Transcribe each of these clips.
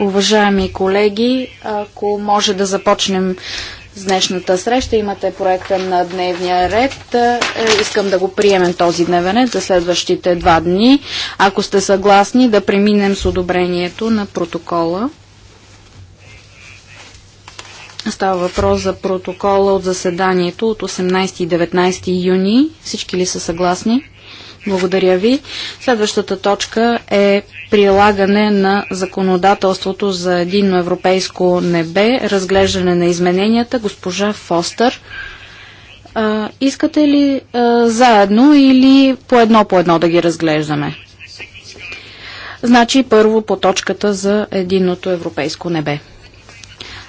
Уважаеми колеги, ако може да започнем с днешната среща, имате проекта на дневния ред. Е, искам да го приемем този дневен ред за следващите два дни. Ако сте съгласни да преминем с одобрението на протокола. Става въпрос за протокола от заседанието от 18 и 19 юни. Всички ли са съгласни? Благодаря ви. Следващата точка е прилагане на законодателството за единно европейско небе, разглеждане на измененията. Госпожа Фостър, а, искате ли а, заедно или по едно по едно да ги разглеждаме? Значи първо по точката за единното европейско небе.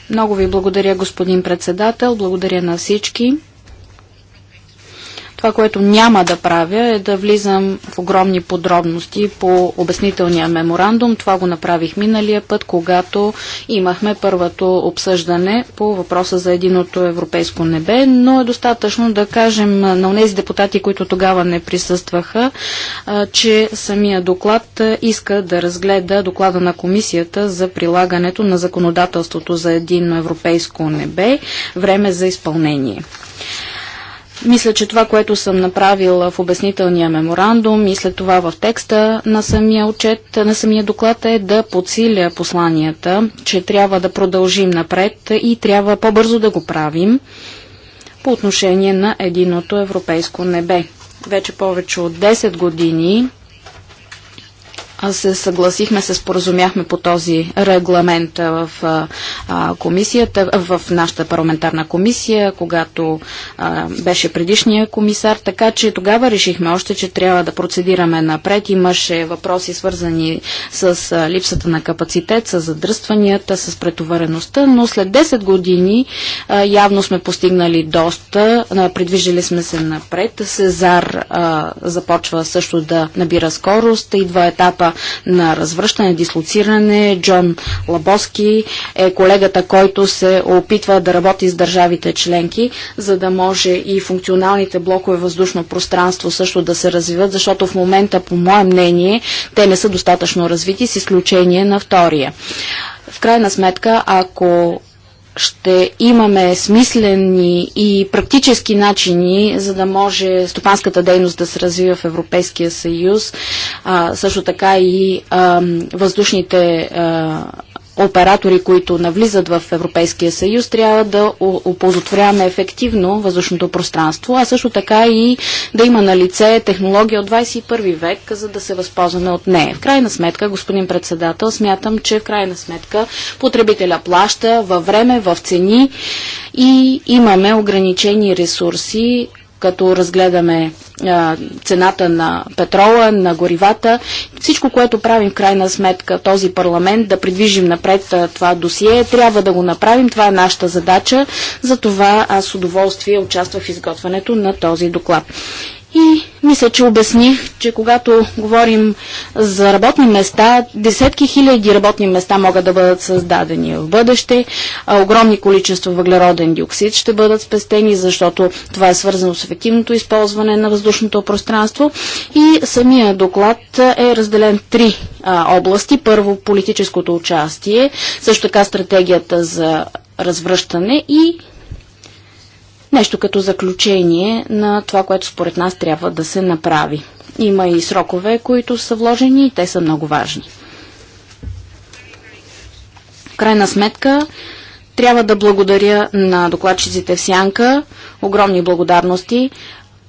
Много ви благодаря, господин председател. Благодаря на всички. Това, което няма да правя е да влизам в огромни подробности по обяснителния меморандум. Това го направих миналия път, когато имахме първото обсъждане по въпроса за единото европейско небе, но е достатъчно да кажем на тези депутати, които тогава не присъстваха, че самия доклад иска да разгледа доклада на комисията за прилагането на законодателството за единно европейско небе. Време за изпълнение. Мисля, че това, което съм направил в обяснителния меморандум и след това в текста на самия отчет, на самия доклад е да подсиля посланията, че трябва да продължим напред и трябва по-бързо да го правим по отношение на единото европейско небе. Вече повече от 10 години се съгласихме, се споразумяхме по този регламент в а, комисията, в нашата парламентарна комисия, когато а, беше предишния комисар, така че тогава решихме още, че трябва да процедираме напред. Имаше въпроси свързани с а, липсата на капацитет, с задръстванията, с претовареността, но след 10 години явно сме постигнали доста, Предвижили сме се напред. Сезар започва също да набира скорост, идва етапа на развръщане, дислоциране. Джон Лабоски е колегата, който се опитва да работи с държавите членки, за да може и функционалните блокове въздушно пространство също да се развиват, защото в момента, по мое мнение, те не са достатъчно развити, с изключение на втория. В крайна сметка, ако ще имаме смислени и практически начини, за да може стопанската дейност да се развива в Европейския съюз, а, също така и а, въздушните а, оператори, които навлизат в Европейския съюз, трябва да оползотворяваме ефективно въздушното пространство, а също така и да има на лице технология от 21 век, за да се възползваме от нея. В крайна сметка, господин председател, смятам, че в крайна сметка потребителя плаща във време, в цени и имаме ограничени ресурси като разгледаме а, цената на петрола, на горивата, всичко, което правим в крайна сметка този парламент, да придвижим напред а, това досие, трябва да го направим, това е нашата задача, за това аз с удоволствие участвах в изготвянето на този доклад. И мисля, че обясних, че когато говорим за работни места, десетки хиляди работни места могат да бъдат създадени в бъдеще. А огромни количества въглероден диоксид ще бъдат спестени, защото това е свързано с ефективното използване на въздушното пространство. И самия доклад е разделен в три а, области. Първо политическото участие, също така стратегията за развръщане и Нещо като заключение на това, което според нас трябва да се направи. Има и срокове, които са вложени и те са много важни. В крайна сметка, трябва да благодаря на докладчиците в Сянка. Огромни благодарности.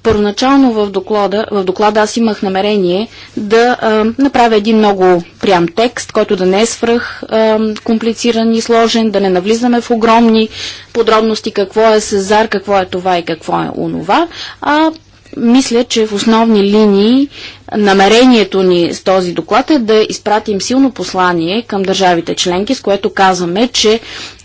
Първоначално в доклада, в доклада аз имах намерение да а, направя един много прям текст, който да не е свръх а, комплициран и сложен, да не навлизаме в огромни подробности какво е Сезар, какво е това и какво е онова, а мисля, че в основни линии намерението ни с този доклад е да изпратим силно послание към държавите членки, с което казваме, че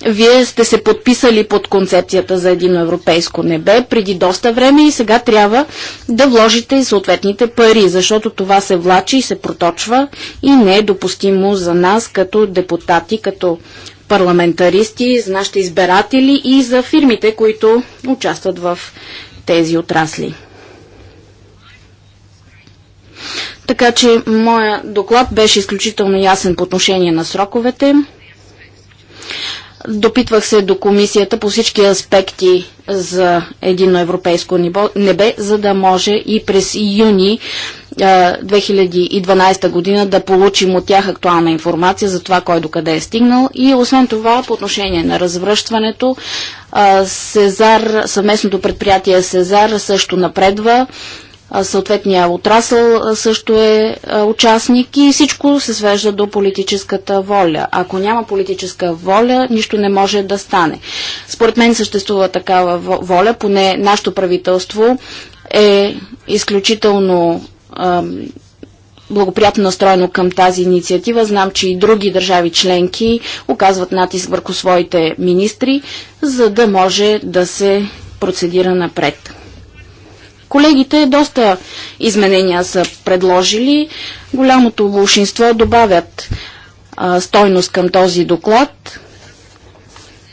вие сте се подписали под концепцията за едино европейско небе преди доста време и сега трябва да вложите и съответните пари, защото това се влачи и се проточва и не е допустимо за нас като депутати, като парламентаристи, за нашите избиратели и за фирмите, които участват в тези отрасли. Така че моя доклад беше изключително ясен по отношение на сроковете. Допитвах се до комисията по всички аспекти за едино европейско небе, за да може и през юни 2012 година да получим от тях актуална информация за това кой докъде е стигнал. И освен това, по отношение на развръщването, Сезар, съвместното предприятие Сезар също напредва съответния отрасъл също е участник и всичко се свежда до политическата воля. Ако няма политическа воля, нищо не може да стане. Според мен съществува такава воля, поне нашето правителство е изключително благоприятно настроено към тази инициатива. Знам, че и други държави членки оказват натиск върху своите министри, за да може да се процедира напред. Колегите доста изменения са предложили. Голямото вълшинство добавят а, стойност към този доклад.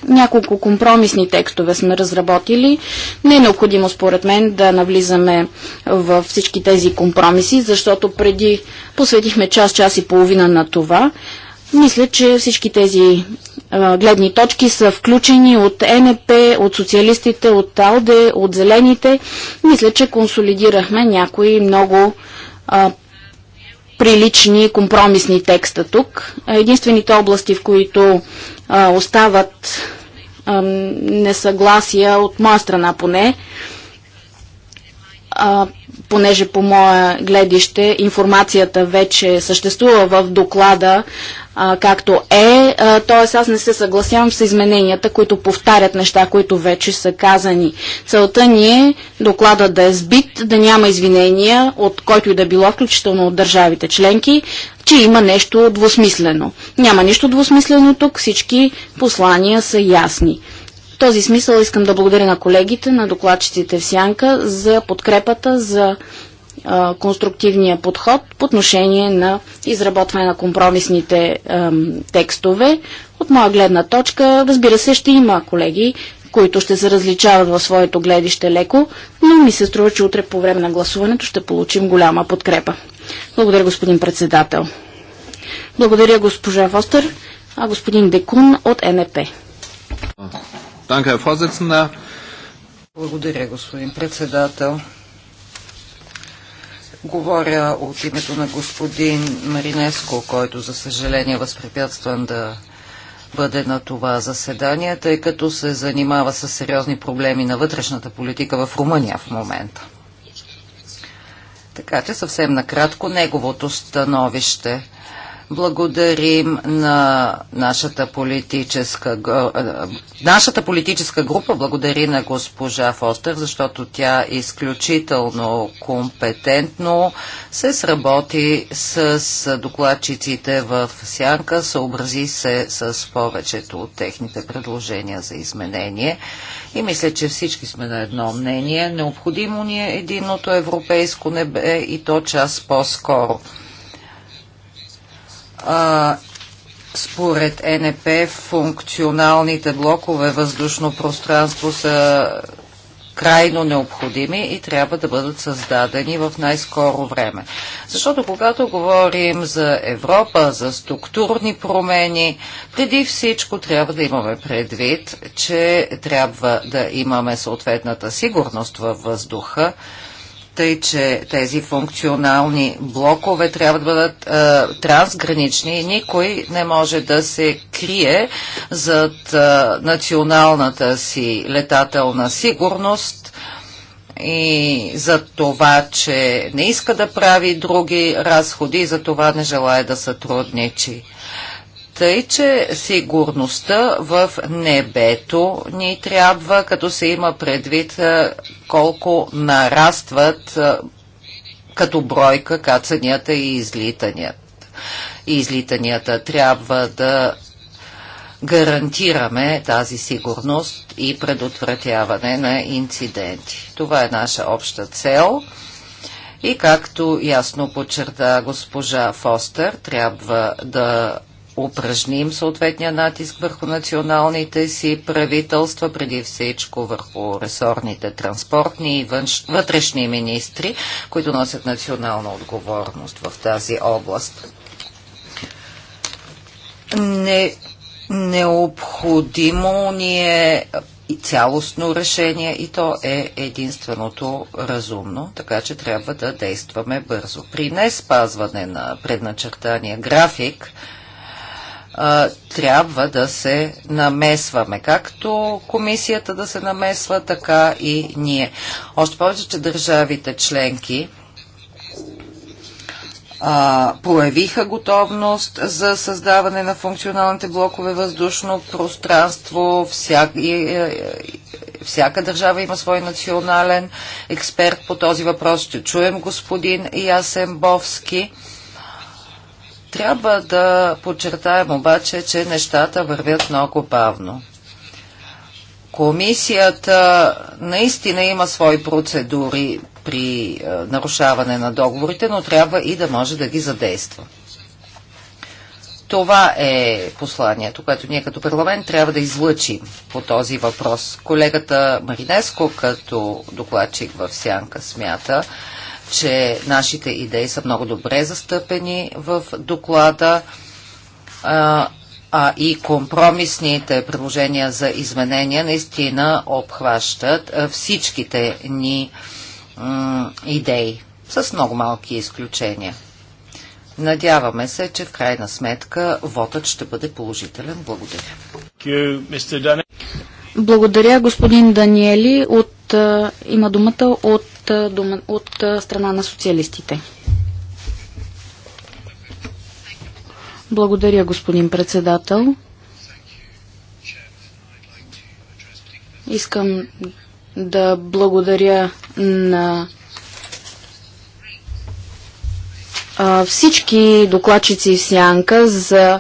Няколко компромисни текстове сме разработили. Не е необходимо според мен да навлизаме в всички тези компромиси, защото преди посветихме час, час и половина на това. Мисля, че всички тези а, гледни точки са включени от НП, от социалистите, от АЛДЕ, от Зелените. Мисля, че консолидирахме някои много а, прилични компромисни текста тук. Единствените области, в които а, остават несъгласия от моя страна поне, а, понеже по мое гледище информацията вече съществува в доклада а, както е, т.е. аз не се съгласявам с измененията, които повтарят неща, които вече са казани. Целта ни е доклада да е сбит, да няма извинения от който и да било, включително от държавите членки, че има нещо двусмислено. Няма нищо двусмислено тук, всички послания са ясни. В този смисъл искам да благодаря на колегите, на докладчиците в Сянка за подкрепата, за а, конструктивния подход по отношение на изработване на компромисните текстове. От моя гледна точка, разбира се, ще има колеги, които ще се различават в своето гледище леко, но ми се струва, че утре по време на гласуването ще получим голяма подкрепа. Благодаря, господин председател. Благодаря, госпожа Фостер, а господин Декун от НП. Благодаря, господин председател. Говоря от името на господин Маринеско, който за съжаление е възпрепятстван да бъде на това заседание, тъй като се занимава с сериозни проблеми на вътрешната политика в Румъния в момента. Така че съвсем накратко неговото становище. Благодарим на нашата политическа, е, нашата политическа група, благодари на госпожа Фостер, защото тя изключително компетентно се сработи с докладчиците в Сянка, съобрази се с повечето от техните предложения за изменение и мисля, че всички сме на едно мнение. Необходимо ни е единното европейско небе и то час по-скоро а, според НП функционалните блокове въздушно пространство са крайно необходими и трябва да бъдат създадени в най-скоро време. Защото когато говорим за Европа, за структурни промени, преди всичко трябва да имаме предвид, че трябва да имаме съответната сигурност във въздуха, тъй е, че тези функционални блокове трябва да бъдат е, трансгранични и никой не може да се крие зад е, националната си летателна сигурност и за това, че не иска да прави други разходи и за това не желая да сътрудничи. Тъй, е, че сигурността в небето ни трябва, като се има предвид колко нарастват като бройка кацанията и излитанията. И излитанията трябва да гарантираме тази сигурност и предотвратяване на инциденти. Това е наша обща цел. И както ясно подчерта госпожа Фостер, трябва да упражним съответния натиск върху националните си правителства, преди всичко върху ресорните транспортни и външ... вътрешни министри, които носят национална отговорност в тази област. Не... Необходимо ни е и цялостно решение и то е единственото разумно, така че трябва да действаме бързо. При не спазване на предначертания график, трябва да се намесваме. Както комисията да се намесва, така и ние. Още повече, че държавите членки проявиха готовност за създаване на функционалните блокове въздушно пространство. Всяк, и, и, е, е, всяка държава има свой национален експерт по този въпрос. Ще чуем господин Ясен Бовски. Трябва да подчертаем обаче, че нещата вървят много бавно. Комисията наистина има свои процедури при е, нарушаване на договорите, но трябва и да може да ги задейства. Това е посланието, което ние като парламент трябва да излъчим по този въпрос. Колегата Маринеско като докладчик в Сянка смята, че нашите идеи са много добре застъпени в доклада, а, и компромисните предложения за изменения наистина обхващат всичките ни идеи, с много малки изключения. Надяваме се, че в крайна сметка вотът ще бъде положителен. Благодаря. Благодаря, господин Даниели от има думата от, дума, от страна на социалистите. Благодаря, господин председател. Искам да благодаря на всички докладчици в Сянка за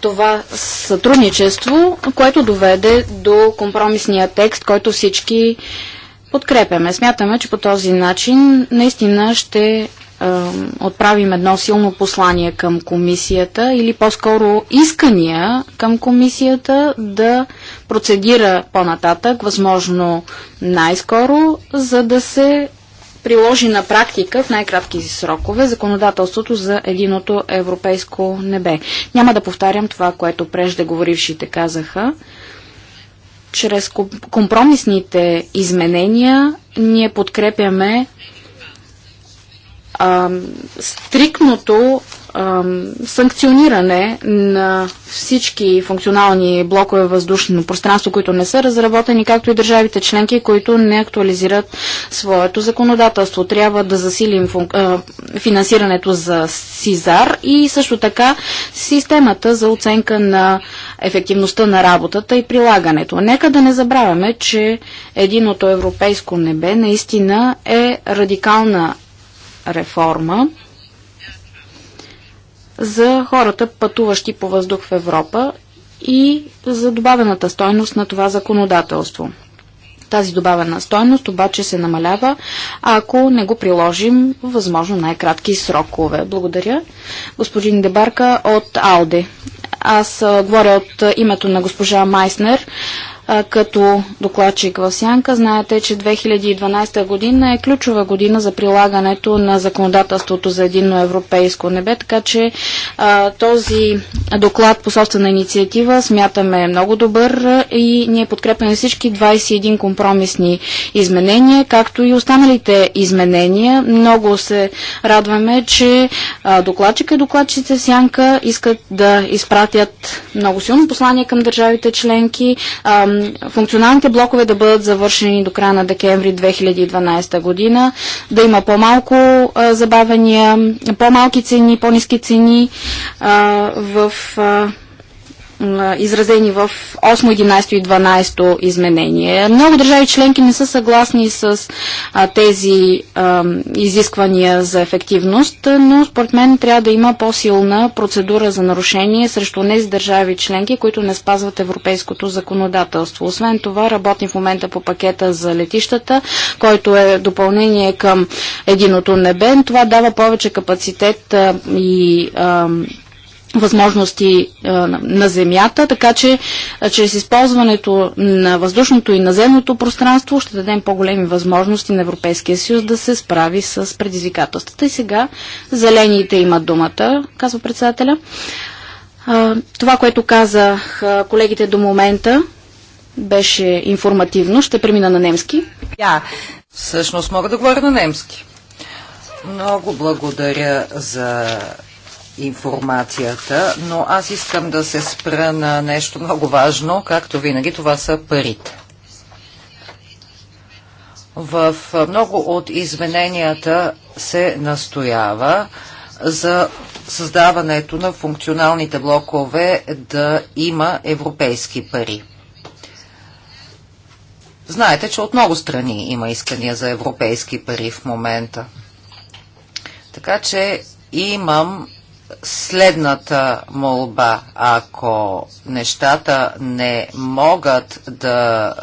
това сътрудничество, което доведе до компромисния текст, който всички подкрепяме. Смятаме, че по този начин наистина ще отправим едно силно послание към комисията или по-скоро искания към комисията да процедира по-нататък, възможно най-скоро, за да се приложи на практика в най-кратки срокове законодателството за единото европейско небе. Няма да повтарям това, което преждеговорившите казаха чрез компромисните изменения ние подкрепяме а, стрикното санкциониране на всички функционални блокове въздушно пространство, които не са разработени, както и държавите членки, които не актуализират своето законодателство. Трябва да засилим финансирането за СИЗАР и също така системата за оценка на ефективността на работата и прилагането. Нека да не забравяме, че единото европейско небе наистина е радикална реформа за хората, пътуващи по въздух в Европа и за добавената стойност на това законодателство. Тази добавена стойност обаче се намалява, ако не го приложим възможно най-кратки срокове. Благодаря. Господин Дебарка от Алде. Аз говоря от името на госпожа Майснер а, като докладчик в Сянка. Знаете, че 2012 година е ключова година за прилагането на законодателството за единно европейско небе, така че а, този доклад по собствена инициатива смятаме е много добър и ние подкрепяме всички 21 компромисни изменения, както и останалите изменения. Много се радваме, че а, докладчика и докладчиците в Сянка искат да изпратят много силно послание към държавите членки. А, функционалните блокове да бъдат завършени до края на декември 2012 година, да има по-малко забавения, по-малки цени, по-низки цени в изразени в 8, 11 и 12 изменение. Много държави членки не са съгласни с а, тези а, изисквания за ефективност, но според мен трябва да има по-силна процедура за нарушение срещу тези държави членки, които не спазват европейското законодателство. Освен това, работим в момента по пакета за летищата, който е допълнение към единото небе. Това дава повече капацитет а, и възможности а, на земята, така че а, чрез използването на въздушното и наземното пространство ще дадем по-големи възможности на Европейския съюз да се справи с предизвикателствата. И сега зелените имат думата, казва председателя. А, това, което казах колегите до момента, беше информативно. Ще премина на немски. Да, всъщност мога да говоря на немски. Много благодаря за информацията, но аз искам да се спра на нещо много важно, както винаги това са парите. В много от измененията се настоява за създаването на функционалните блокове да има европейски пари. Знаете, че от много страни има искания за европейски пари в момента. Така че имам следната молба. Ако нещата не могат да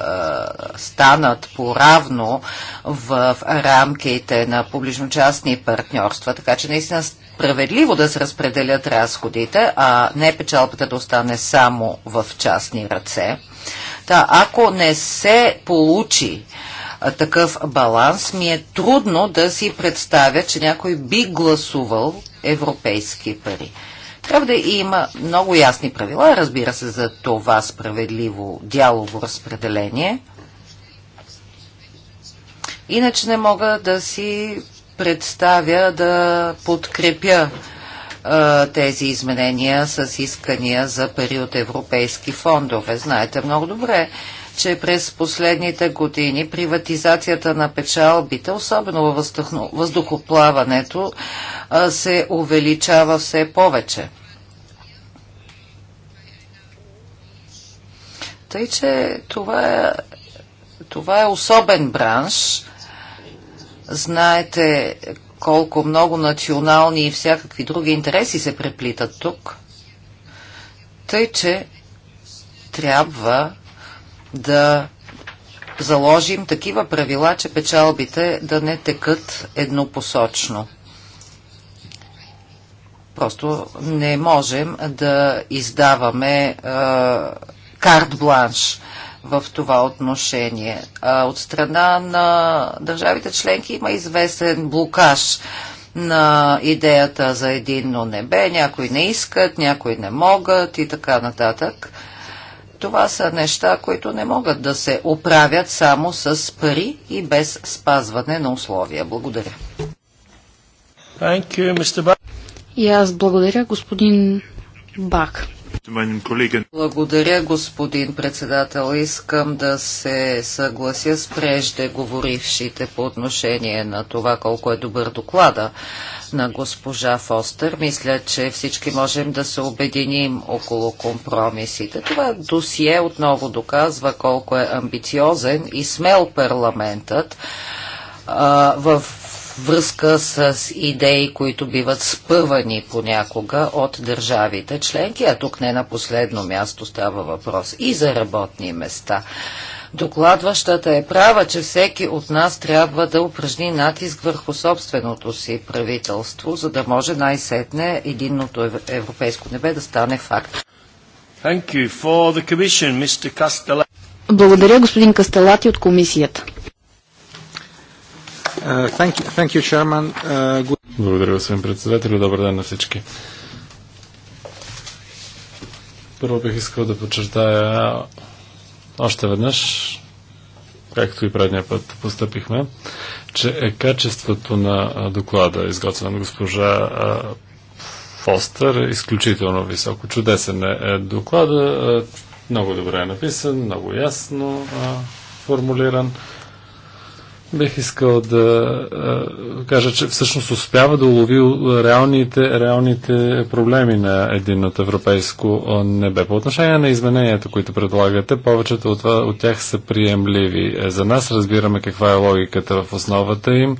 станат поравно в рамките на публично-частни партньорства, така че наистина справедливо да се разпределят разходите, а не печалбата да остане само в частни ръце, Та, ако не се получи такъв баланс, ми е трудно да си представя, че някой би гласувал европейски пари. Трябва да има много ясни правила, разбира се, за това справедливо дялово разпределение. Иначе не мога да си представя да подкрепя а, тези изменения с искания за пари от европейски фондове. Знаете много добре, че през последните години приватизацията на печалбите, особено във въздухоплаването, се увеличава все повече. Тъй, че това е, това е особен бранш. Знаете колко много национални и всякакви други интереси се преплитат тук. Тъй, че трябва да заложим такива правила, че печалбите да не текат еднопосочно. Просто не можем да издаваме а, карт бланш в това отношение. А от страна на държавите членки има известен блокаж на идеята за единно небе. Някои не искат, някои не могат и така нататък. Това са неща, които не могат да се оправят само с пари и без спазване на условия. Благодаря. You, и аз благодаря, господин Бак. Благодаря, господин председател. Искам да се съглася с преждеговорившите по отношение на това колко е добър доклада на госпожа Фостер. Мисля, че всички можем да се обединим около компромисите. Това досие отново доказва колко е амбициозен и смел парламентът в връзка с идеи, които биват спъвани понякога от държавите членки, а тук не на последно място става въпрос и за работни места. Докладващата е права, че всеки от нас трябва да упражни натиск върху собственото си правителство, за да може най-сетне единното европейско небе да стане факт. Благодаря, господин Кастелати от комисията. Uh, uh, Благодаря, господин председател. Добър ден на всички. Първо бих искал да подчертая още веднъж, както и предния път постъпихме, че е качеството на доклада, изготвен госпожа Фостър, изключително високо. Чудесен е, е доклада, много добре е написан, много ясно формулиран. Бих искал да кажа, че всъщност успява да улови реалните, реалните проблеми на единното европейско небе. По отношение на измененията, които предлагате, повечето от, от тях са приемливи. Е, за нас разбираме каква е логиката в основата им.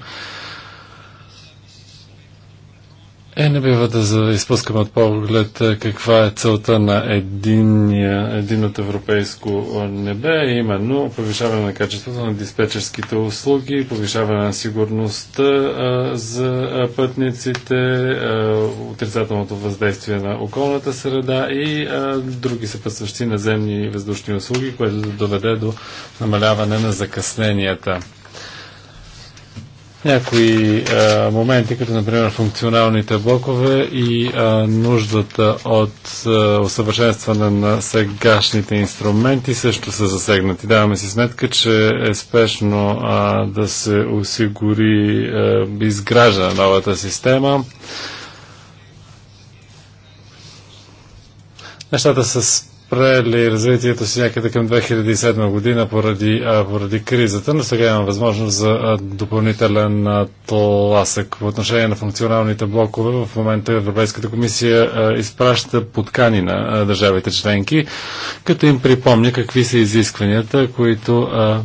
Е, не бива да изпускаме от поглед е, каква е целта на един, един от европейско е, небе, именно повишаване на качеството на диспетчерските услуги, повишаване на сигурността а, е, за пътниците, а, отрицателното въздействие на околната среда и а, други съпътстващи наземни и въздушни услуги, което да доведе до намаляване на закъсненията някои а, моменти, като например функционалните блокове и а, нуждата от а, усъвършенстване на сегашните инструменти също са засегнати. Даваме си сметка, че е спешно а, да се осигури а, изграждане на новата система. Нещата са спрели развитието си някъде към 2007 година поради, а, поради кризата, но сега имам възможност за допълнителен а, тласък. В отношение на функционалните блокове, в момента Европейската комисия а, изпраща подкани на а, държавите членки, като им припомня какви са изискванията, които а,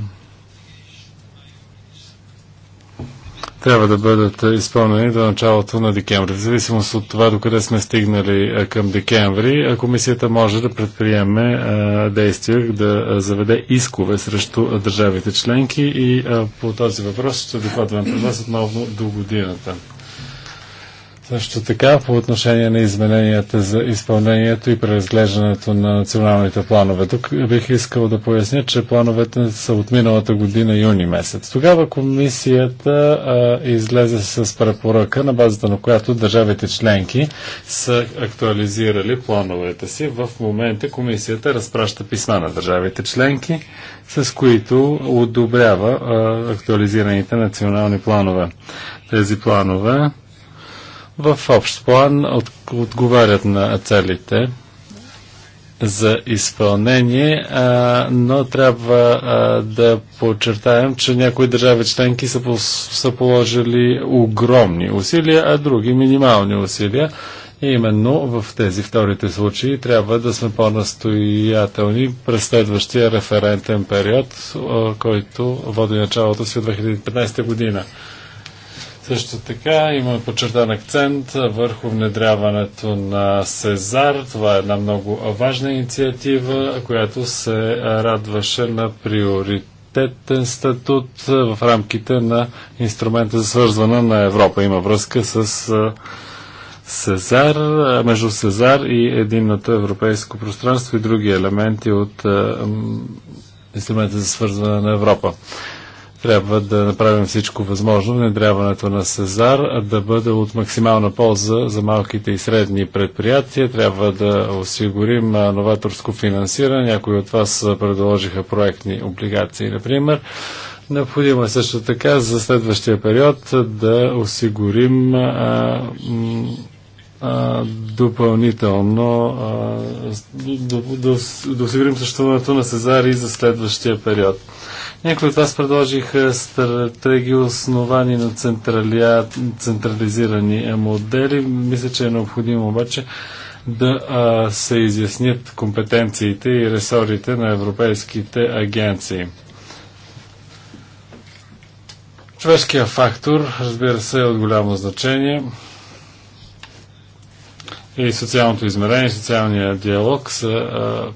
трябва да бъдат изпълнени до началото на декември. В зависимост от това докъде сме стигнали към декември, комисията може да предприеме действия да заведе искове срещу държавите членки и по този въпрос ще докладвам пред вас отново до годината. Също така по отношение на измененията за изпълнението и преразглеждането на националните планове. Тук бих искал да поясня, че плановете са от миналата година юни месец. Тогава комисията а, излезе с препоръка, на базата на която държавите членки са актуализирали плановете си. В момента комисията разпраща писма на държавите членки, с които одобрява а, актуализираните национални планове. Тези планове в общ план от, отговарят на целите за изпълнение, а, но трябва а, да подчертаем, че някои държави членки са, по, са положили огромни усилия, а други минимални усилия. И именно в тези вторите случаи трябва да сме по-настоятелни през следващия референтен период, който води началото си от 2015 година. Също така има подчертан акцент върху внедряването на Сезар. Това е една много важна инициатива, която се радваше на приоритетен статут в рамките на инструмента за свързване на Европа. Има връзка с Сезар, между Сезар и единното европейско пространство и други елементи от инструмента за свързване на Европа. Трябва да направим всичко възможно внедряването на Сезар да бъде от максимална полза за малките и средни предприятия. Трябва да осигурим новаторско финансиране. Някои от вас предложиха проектни облигации, например. Необходимо е също така за следващия период да осигурим а, а, допълнително а, да, осигурим съществуването на Сезари за следващия период. Някои от вас предложиха стратеги основани на централизирани модели. Мисля, че е необходимо обаче да а, се изяснят компетенциите и ресорите на европейските агенции. Човешкият фактор, разбира се, е от голямо значение и социалното измерение, социалния диалог са а,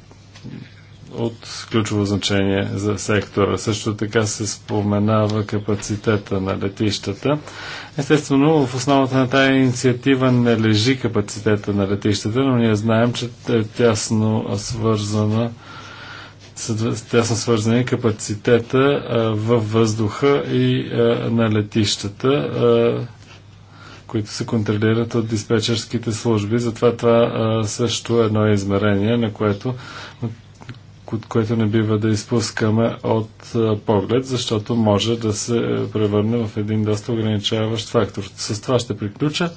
от ключово значение за сектора. Също така се споменава капацитета на летищата. Естествено, в основата на тази инициатива не лежи капацитета на летищата, но ние знаем, че е тясно свързана тясно свързани капацитета а, във въздуха и а, на летищата. А, които се контролират от диспетчерските служби. Затова това а, също е едно измерение, на което което не бива да изпускаме от поглед, защото може да се е, превърне в един доста ограничаващ фактор. С това ще приключа.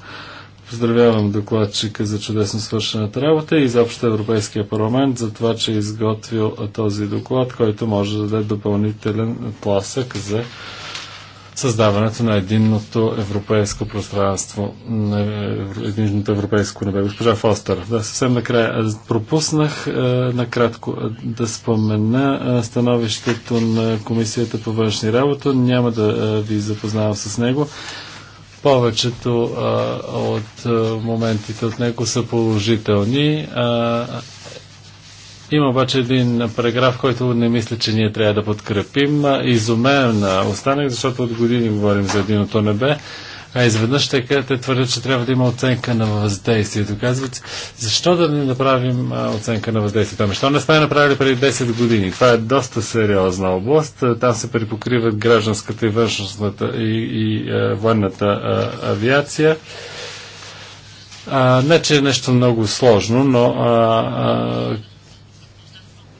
Поздравявам докладчика за чудесно свършената работа и заобщо Европейския парламент за това, че е изготвил този доклад, който може да даде допълнителен тласък за създаването на единното европейско пространство, на единното европейско небе. Госпожа Фостер, да, съвсем накрая. Пропуснах е, накратко е, да спомена е, становището на Комисията по външни работи. Няма да е, ви запознавам с него повечето е, от е, моментите от него са положителни. Има обаче един параграф, който не мисля, че ние трябва да подкрепим. Изумен останах, защото от години говорим за единото небе. А изведнъж те, те твърдят, че трябва да има оценка на въздействието. Казват, защо да не направим оценка на въздействието? Ами, що не сме направили преди 10 години? Това е доста сериозна област. Там се припокриват гражданската и външната и, и е, военната е, авиация. А, не, че е нещо много сложно, но а, а,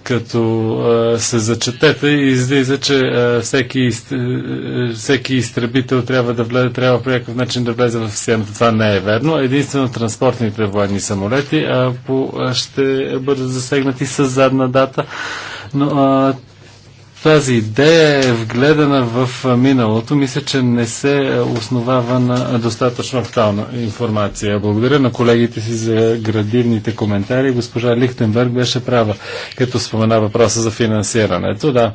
като а, се зачетете и излиза, че а, всеки, а, всеки изтребител трябва да влезе, трябва по някакъв начин да влезе в системата. Това не е верно. Единствено транспортните военни самолети а, по, а, ще бъдат засегнати с задна дата. Но а, тази идея е вгледана в миналото. Мисля, че не се основава на достатъчно актуална информация. Благодаря на колегите си за градивните коментари. Госпожа Лихтенберг беше права, като спомена въпроса за финансирането. Да,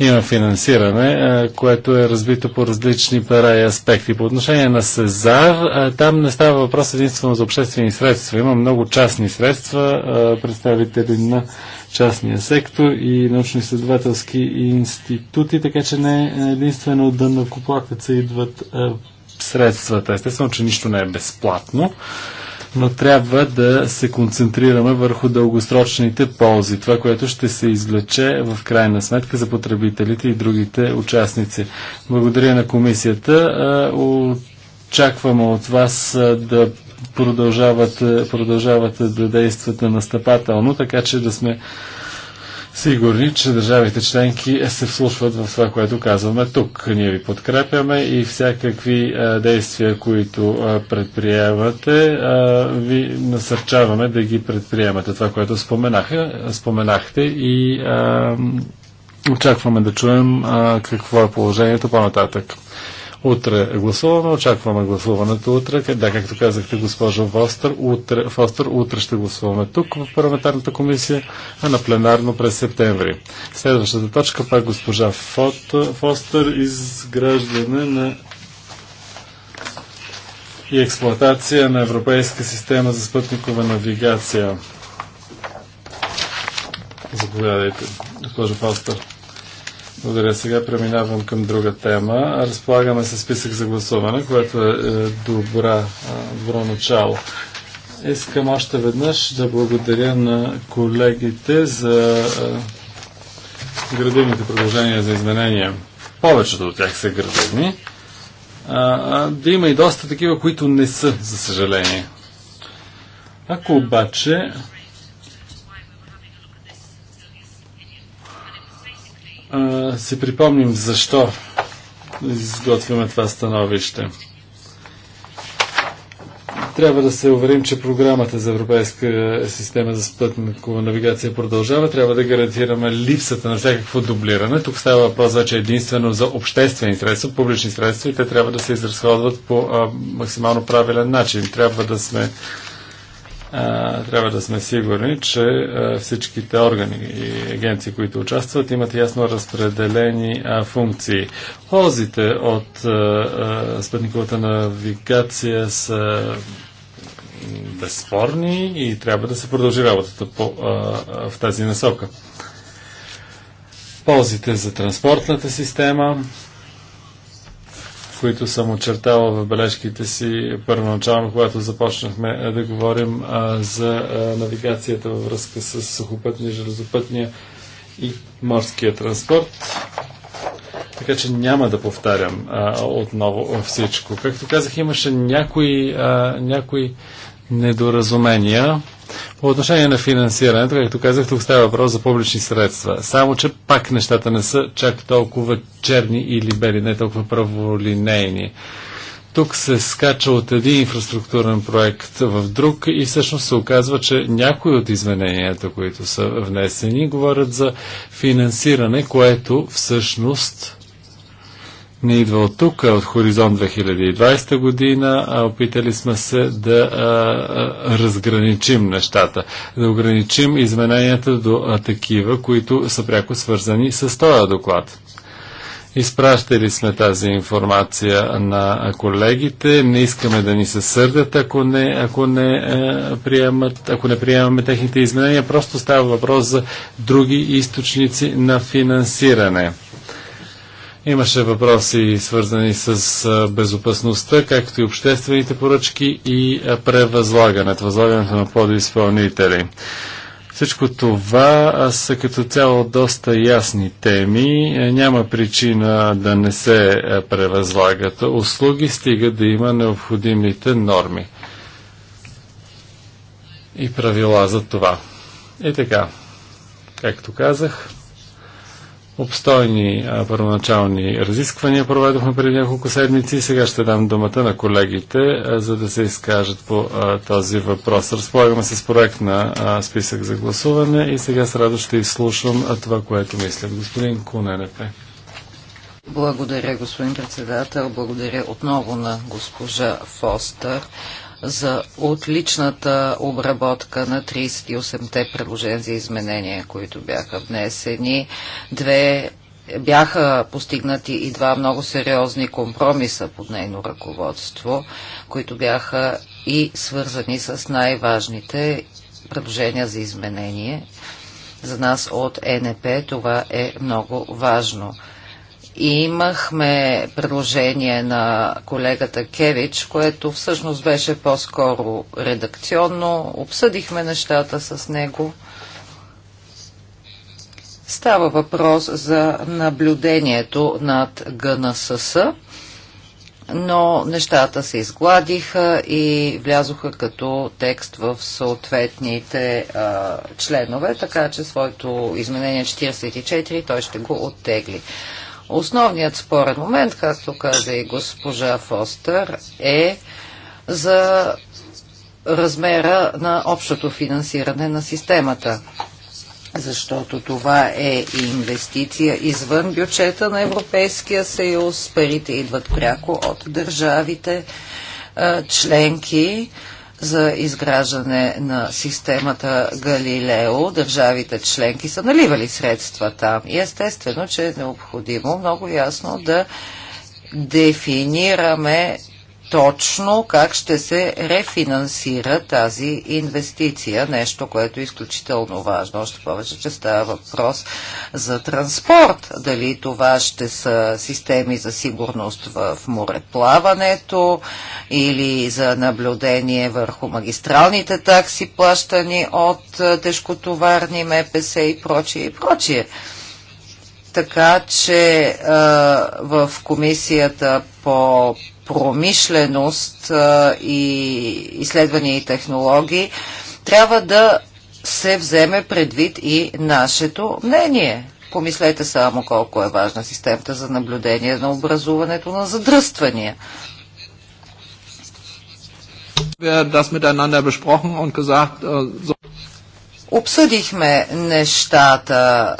има финансиране, което е разбито по различни пера и аспекти. По отношение на Сезар, там не става въпрос единствено за обществени средства. Има много частни средства, представители на частния сектор и научно-изследователски институти, така че не е единствено от дънакоплатеца идват а, е, средствата. Естествено, че нищо не е безплатно, но трябва да се концентрираме върху дългосрочните ползи, това, което ще се извлече в крайна сметка за потребителите и другите участници. Благодаря на комисията. Е, очакваме от вас да продължават, е, продължават да действат настъпателно, така че да сме сигурни, че държавите членки се вслушват в това, което казваме тук. Ние ви подкрепяме и всякакви а, е, действия, които а, е, предприемате, а, ви насърчаваме да ги предприемате. Това, което споменаха, споменахте и а, очакваме да чуем а, какво е положението по-нататък. Утре гласуваме, очакваме гласуването утре. Да, както казахте, госпожо Фостер, утре, Фостер, утре ще гласуваме тук в парламентарната комисия, а на пленарно през септември. Следващата точка пак госпожа Фот, Фостер, изграждане на и експлоатация на Европейска система за спътникова навигация. Заповядайте, госпожо Фостер. Благодаря. Сега преминавам към друга тема. Разполагаме се списък за гласуване, което е, е добра, добро начало. Искам още веднъж да благодаря на колегите за градивните предложения за изменения. Повечето от тях са градивни. А, да има и доста такива, които не са, за съжаление. Ако обаче а, си припомним защо изготвяме това становище. Трябва да се уверим, че програмата за Европейска система за спътникова навигация продължава. Трябва да гарантираме липсата на всякакво дублиране. Тук става въпрос вече единствено за обществени средства, публични средства и те трябва да се изразходват по а, максимално правилен начин. Трябва да сме трябва да сме сигурни, че всичките органи и агенции, които участват, имат ясно разпределени функции. Ползите от спътниковата навигация са безспорни и трябва да се продължи работата по, в тази насока. Ползите за транспортната система, които съм очертавал в бележките си първоначално, когато започнахме е, да говорим за навигацията във връзка с сухопътния, железопътния и морския транспорт. Така че няма да повтарям а, отново всичко. Както казах, имаше някои, а, някои недоразумения по отношение на финансирането, както казах, тук става въпрос за публични средства. Само, че пак нещата не са чак толкова черни или бели, не толкова праволинейни. Тук се скача от един инфраструктурен проект в друг и всъщност се оказва, че някои от измененията, които са внесени, говорят за финансиране, което всъщност не идва от тук, от Хоризонт 2020 година. А опитали сме се да а, а, разграничим нещата, да ограничим измененията до а, такива, които са пряко свързани с този доклад. Изпращали сме тази информация на колегите. Не искаме да ни се сърдят, ако не, ако не, е, приемат, ако не приемаме техните изменения. Просто става въпрос за други източници на финансиране. Имаше въпроси свързани с безопасността, както и обществените поръчки и превъзлагането, възлагането на подизпълнители. Всичко това са като цяло доста ясни теми. Е, няма причина да не се превъзлагат услуги, стига да има необходимите норми и правила за това. И така, както казах, Обстойни а, първоначални разисквания проведохме преди няколко седмици и сега ще дам думата на колегите, а, за да се изкажат по а, този въпрос. Разполагаме с проект на а, списък за гласуване и сега с радост ще изслушам а, това, което мисля. Господин Куненепе. Благодаря, господин председател. Благодаря отново на госпожа Фостър за отличната обработка на 38-те предложения за изменения, които бяха внесени. Две бяха постигнати и два много сериозни компромиса под нейно ръководство, които бяха и свързани с най-важните предложения за изменение. За нас от НП това е много важно. Имахме предложение на колегата Кевич, което всъщност беше по-скоро редакционно. Обсъдихме нещата с него. Става въпрос за наблюдението над ГНСС, но нещата се изгладиха и влязоха като текст в съответните а, членове, така че своето изменение 44 той ще го оттегли. Основният спорен момент, както каза и госпожа Фостър, е за размера на общото финансиране на системата. Защото това е инвестиция извън бюджета на Европейския съюз. Парите идват пряко от държавите членки за изграждане на системата Галилео. Държавите членки са наливали средства там. И естествено, че е необходимо много ясно да дефинираме точно как ще се рефинансира тази инвестиция, нещо, което е изключително важно, още повече, че става въпрос за транспорт. Дали това ще са системи за сигурност в мореплаването или за наблюдение върху магистралните такси, плащани от е, тежкотоварни МПС и прочие и прочие. Така че а, е, в комисията по промишленост и изследвания и технологии, трябва да се вземе предвид и нашето мнение. Помислете само колко е важна системата за наблюдение на образуването на задръствания. Äh, Обсъдихме нещата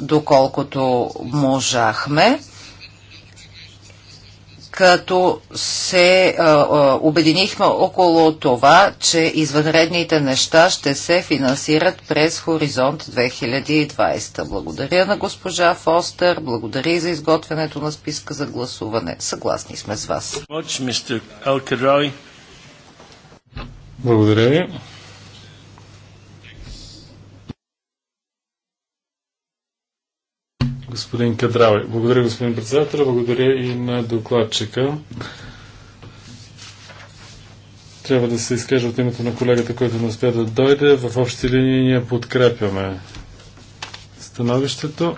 доколкото можахме като се а, а, обединихме около това, че извънредните неща ще се финансират през Хоризонт 2020. Благодаря на госпожа Фостер, благодаря и за изготвянето на списка за гласуване. Съгласни сме с вас. Благодаря ви. господин Кадрауи. Благодаря, господин председател. Благодаря и на докладчика. Трябва да се изкажа от името на колегата, който не успя да дойде. В общи линии ние подкрепяме становището.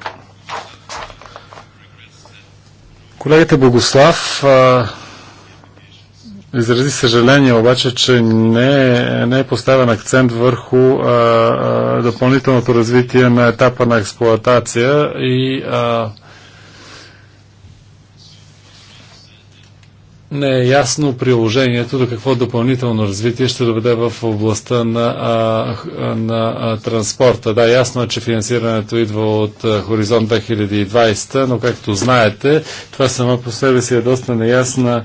Колегата Богослав изрази съжаление обаче, че не, е, не е поставен акцент върху а, а, допълнителното развитие на етапа на експлоатация и а, не е ясно приложението до какво допълнително развитие ще доведе в областта на, а, на а, транспорта. Да, ясно е, че финансирането идва от а, Хоризонт 2020, но както знаете, това само по себе си е доста неясна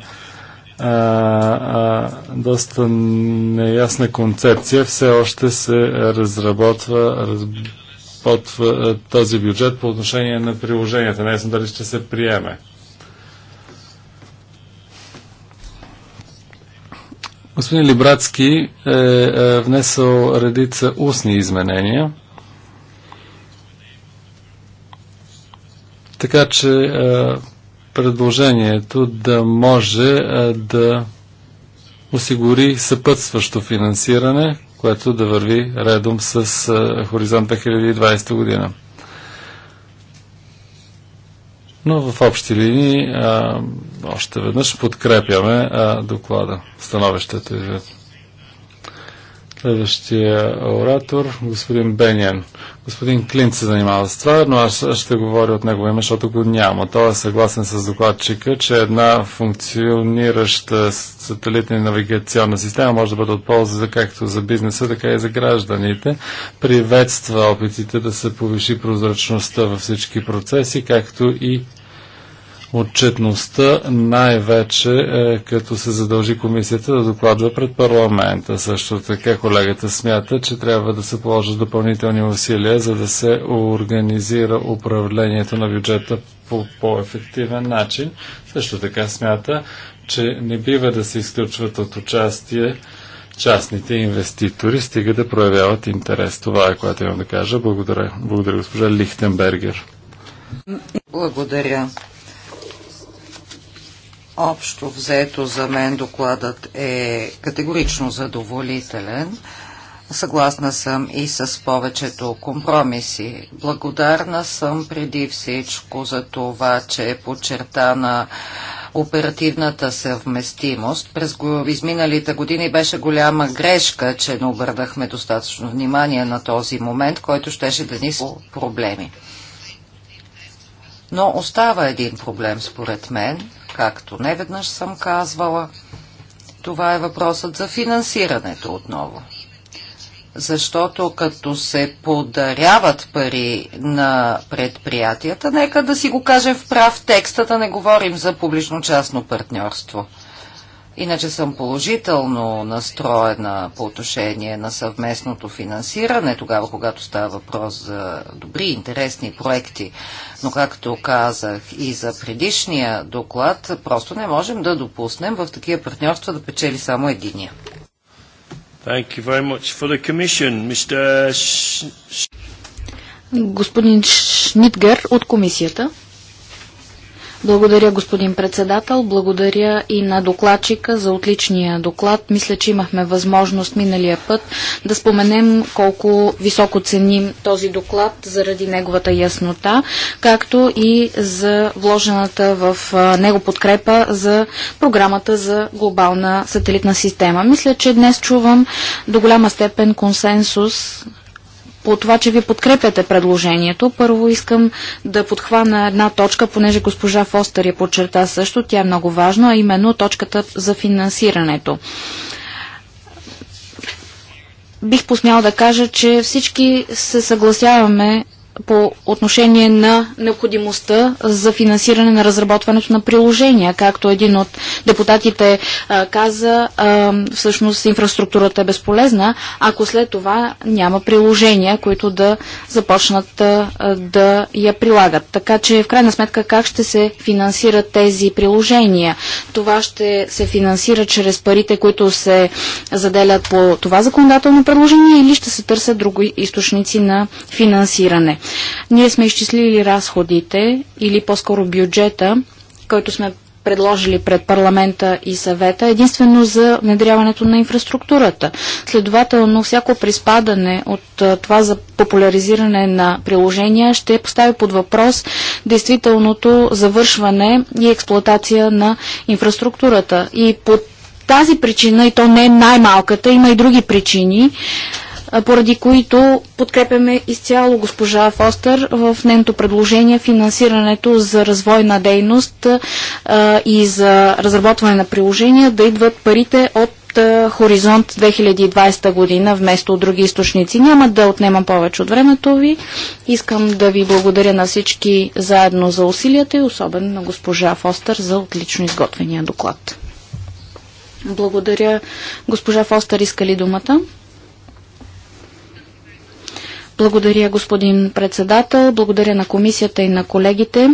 а, а, доста неясна концепция. Все още се разработва, разработва този бюджет по отношение на приложенията. Не знам дали ще се приеме. Господин Либрацки е, е внесъл редица устни изменения. Така че е, предложението да може да осигури съпътстващо финансиране, което да върви редом с Хоризонт 2020 година. Но в общи линии а, още веднъж подкрепяме а, доклада, становището. Следващия оратор, господин Бенян. Господин Клинт се занимава с това, но аз ще говоря от него име, защото го няма. Той е съгласен с докладчика, че една функционираща сателитна навигационна система може да бъде от полза както за бизнеса, така и за гражданите. Приветства опитите да се повиши прозрачността във всички процеси, както и отчетността най-вече е, като се задължи комисията да докладва пред парламента. Също така колегата смята, че трябва да се положат допълнителни усилия, за да се организира управлението на бюджета по по-ефективен начин. Също така смята, че не бива да се изключват от участие частните инвеститори, стига да проявяват интерес. Това е което имам да кажа. Благодаря. Благодаря госпожа Лихтенбергер. Благодаря. Общо взето за мен докладът е категорично задоволителен. Съгласна съм и с повечето компромиси. Благодарна съм преди всичко за това, че е подчертана оперативната съвместимост. През изминалите години беше голяма грешка, че не обърнахме достатъчно внимание на този момент, който щеше да ни проблеми. Но остава един проблем, според мен, Както неведнъж съм казвала, това е въпросът за финансирането отново. Защото като се подаряват пари на предприятията, нека да си го кажем в прав текста, да не говорим за публично-частно партньорство. Иначе съм положително настроена по отношение на съвместното финансиране, тогава когато става въпрос за добри, интересни проекти. Но както казах и за предишния доклад, просто не можем да допуснем в такива партньорства да печели само единия. Господин Шнитгер от комисията. Благодаря, господин председател. Благодаря и на докладчика за отличния доклад. Мисля, че имахме възможност миналия път да споменем колко високо ценим този доклад заради неговата яснота, както и за вложената в него подкрепа за програмата за глобална сателитна система. Мисля, че днес чувам до голяма степен консенсус по това, че ви подкрепяте предложението. Първо искам да подхвана една точка, понеже госпожа Фостър я подчерта също, тя е много важна, а именно точката за финансирането бих посмял да кажа, че всички се съгласяваме по отношение на необходимостта за финансиране на разработването на приложения. Както един от депутатите а, каза, а, всъщност инфраструктурата е безполезна, ако след това няма приложения, които да започнат а, да я прилагат. Така че в крайна сметка как ще се финансират тези приложения? Това ще се финансира чрез парите, които се заделят по това законодателно предложение или ще се търсят други източници на финансиране? Ние сме изчислили разходите или по-скоро бюджета, който сме предложили пред парламента и съвета единствено за внедряването на инфраструктурата. Следователно, всяко приспадане от това за популяризиране на приложения ще постави под въпрос действителното завършване и експлоатация на инфраструктурата. И под тази причина, и то не е най-малката, има и други причини, поради които подкрепяме изцяло госпожа Фостър в нейното предложение финансирането за развойна дейност и за разработване на приложения да идват парите от Хоризонт 2020 година вместо от други източници. Няма да отнемам повече от времето ви. Искам да ви благодаря на всички заедно за усилията и особено на госпожа Фостър за отлично изготвения доклад. Благодаря. Госпожа Фостър искали думата? Благодаря, господин председател. Благодаря на комисията и на колегите.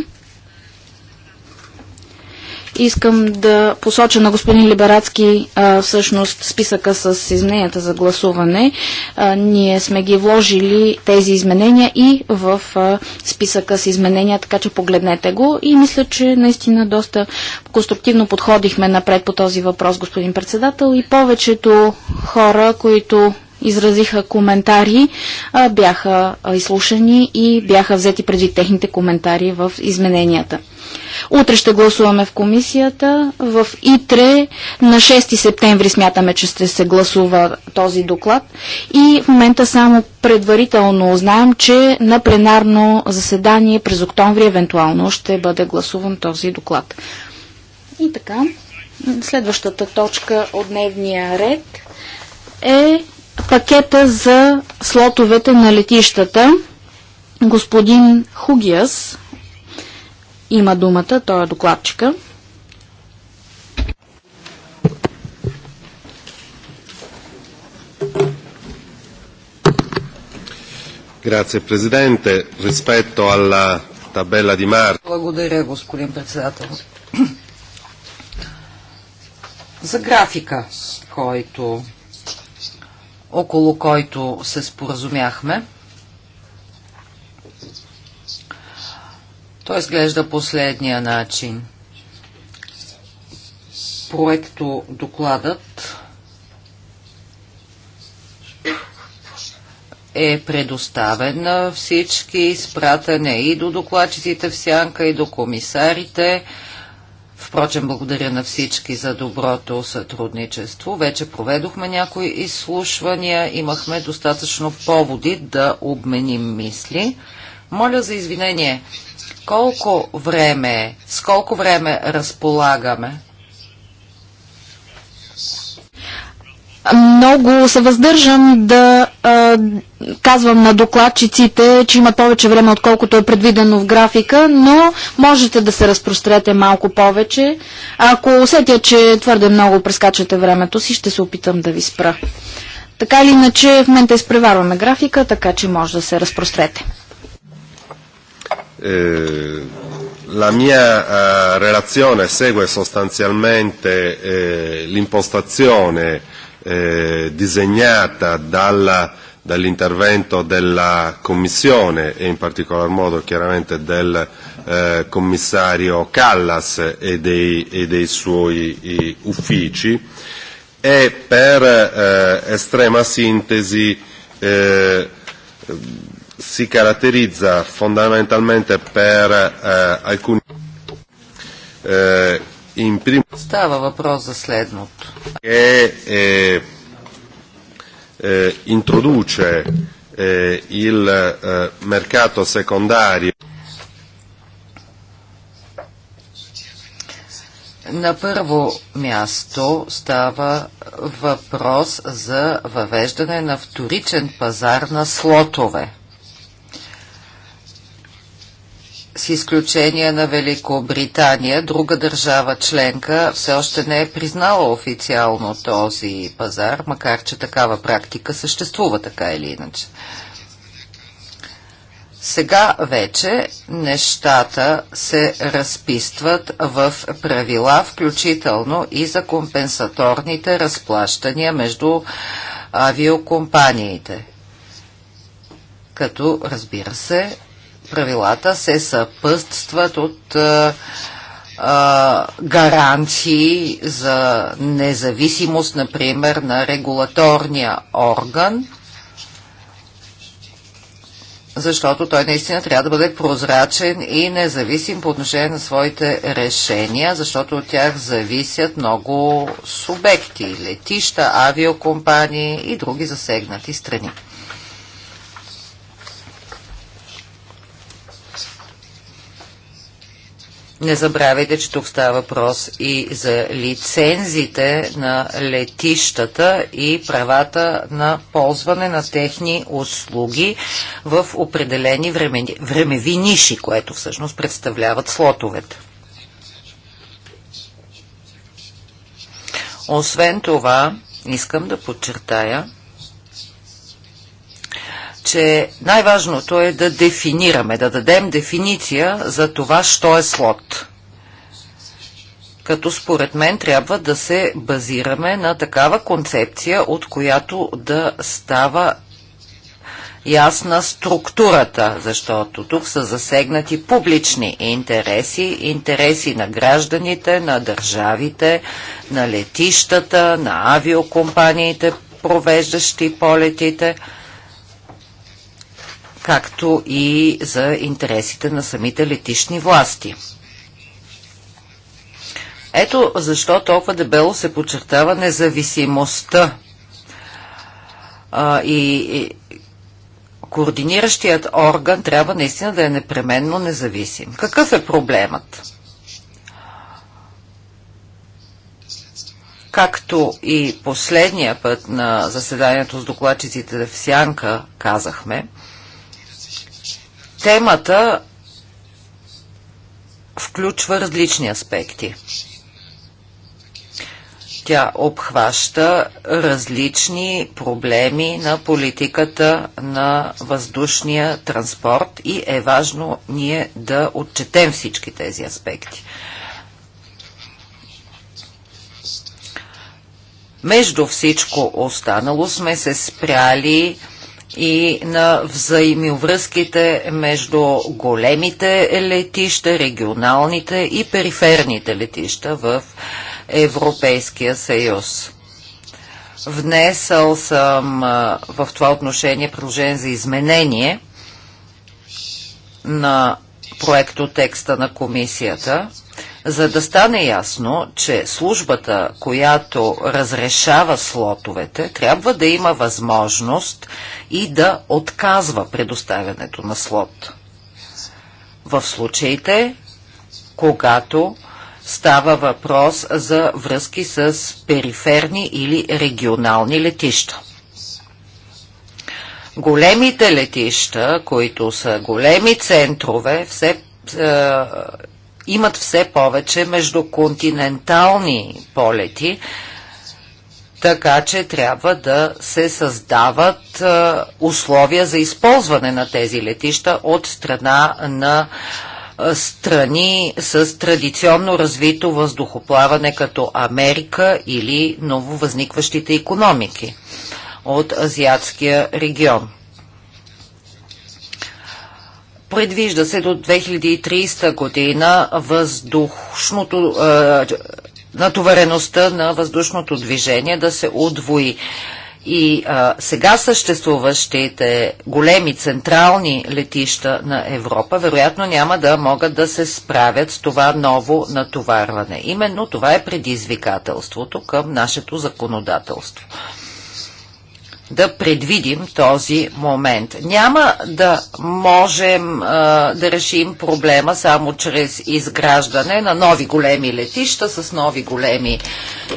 Искам да посоча на господин Либерацки а, всъщност списъка с измененията за гласуване. А, ние сме ги вложили тези изменения и в а, списъка с изменения, така че погледнете го. И мисля, че наистина доста конструктивно подходихме напред по този въпрос, господин председател. И повечето хора, които изразиха коментари, бяха изслушани и бяха взети преди техните коментари в измененията. Утре ще гласуваме в комисията. В ИТРЕ на 6 септември смятаме, че ще се гласува този доклад. И в момента само предварително знаем, че на пленарно заседание през октомври евентуално ще бъде гласуван този доклад. И така, следващата точка от дневния ред е пакета за слотовете на летищата. Господин Хугиас има думата, той е докладчика. Grazie Presidente, rispetto alla tabella di Mar. Благодаря, господин председател. За графика, който около който се споразумяхме. Той изглежда последния начин. Проекто докладът е предоставен на всички, изпратен е и до докладчиците в сянка, и до комисарите. Впрочем, благодаря на всички за доброто сътрудничество. Вече проведохме някои изслушвания, имахме достатъчно поводи да обменим мисли. Моля за извинение, колко време, е, с колко време разполагаме? много се въздържам да а, казвам на докладчиците, че имат повече време, отколкото е предвидено в графика, но можете да се разпрострете малко повече. Ако усетя, че твърде много прескачате времето си, ще се опитам да ви спра. Така или иначе, в момента изпреварваме графика, така че може да се разпрострете. Е... la mia eh, relazione segue sostanzialmente eh, l'impostazione eh, disegnata dalla, dall'intervento della Commissione e in particolar modo chiaramente del eh, commissario Callas e dei, e dei suoi i, uffici e per eh, estrema sintesi eh, si caratterizza fondamentalmente per eh, alcuni eh, in primo... Става въпрос за следното che eh, eh, introduce eh, il eh, mercato secondario. На първо място става въпрос за въвеждане на вторичен пазар на слотове. с изключение на Великобритания, друга държава членка все още не е признала официално този пазар, макар че такава практика съществува така или иначе. Сега вече нещата се разписват в правила, включително и за компенсаторните разплащания между авиокомпаниите. Като, разбира се, правилата се съпътстват от а, а, гаранции за независимост, например, на регулаторния орган, защото той наистина трябва да бъде прозрачен и независим по отношение на своите решения, защото от тях зависят много субекти, летища, авиокомпании и други засегнати страни. Не забравяйте, че тук става въпрос и за лицензите на летищата и правата на ползване на техни услуги в определени времени, времеви ниши, което всъщност представляват слотовете. Освен това, искам да подчертая, че най-важното е да дефинираме, да дадем дефиниция за това, що е слот. Като според мен трябва да се базираме на такава концепция, от която да става ясна структурата, защото тук са засегнати публични интереси, интереси на гражданите, на държавите, на летищата, на авиокомпаниите, провеждащи полетите – както и за интересите на самите летишни власти. Ето защо толкова дебело се подчертава независимостта а, и, и координиращият орган трябва наистина да е непременно независим. Какъв е проблемът? Както и последния път на заседанието с докладчиците в Сянка казахме, Темата включва различни аспекти. Тя обхваща различни проблеми на политиката на въздушния транспорт и е важно ние да отчетем всички тези аспекти. Между всичко останало сме се спряли и на взаимовръзките между големите летища, регионалните и периферните летища в Европейския съюз. Внесъл съм в това отношение предложение за изменение на проекто текста на комисията – за да стане ясно, че службата, която разрешава слотовете, трябва да има възможност и да отказва предоставянето на слот. В случаите, когато става въпрос за връзки с периферни или регионални летища. Големите летища, които са големи центрове, все е, имат все повече междуконтинентални полети, така че трябва да се създават условия за използване на тези летища от страна на страни с традиционно развито въздухоплаване като Америка или нововъзникващите економики от азиатския регион. Предвижда се до 2030 година въздушното, е, натовареността на въздушното движение да се удвои. И а, е, сега съществуващите големи централни летища на Европа вероятно няма да могат да се справят с това ново натоварване. Именно това е предизвикателството към нашето законодателство да предвидим този момент. Няма да можем а, да решим проблема само чрез изграждане на нови големи летища с нови големи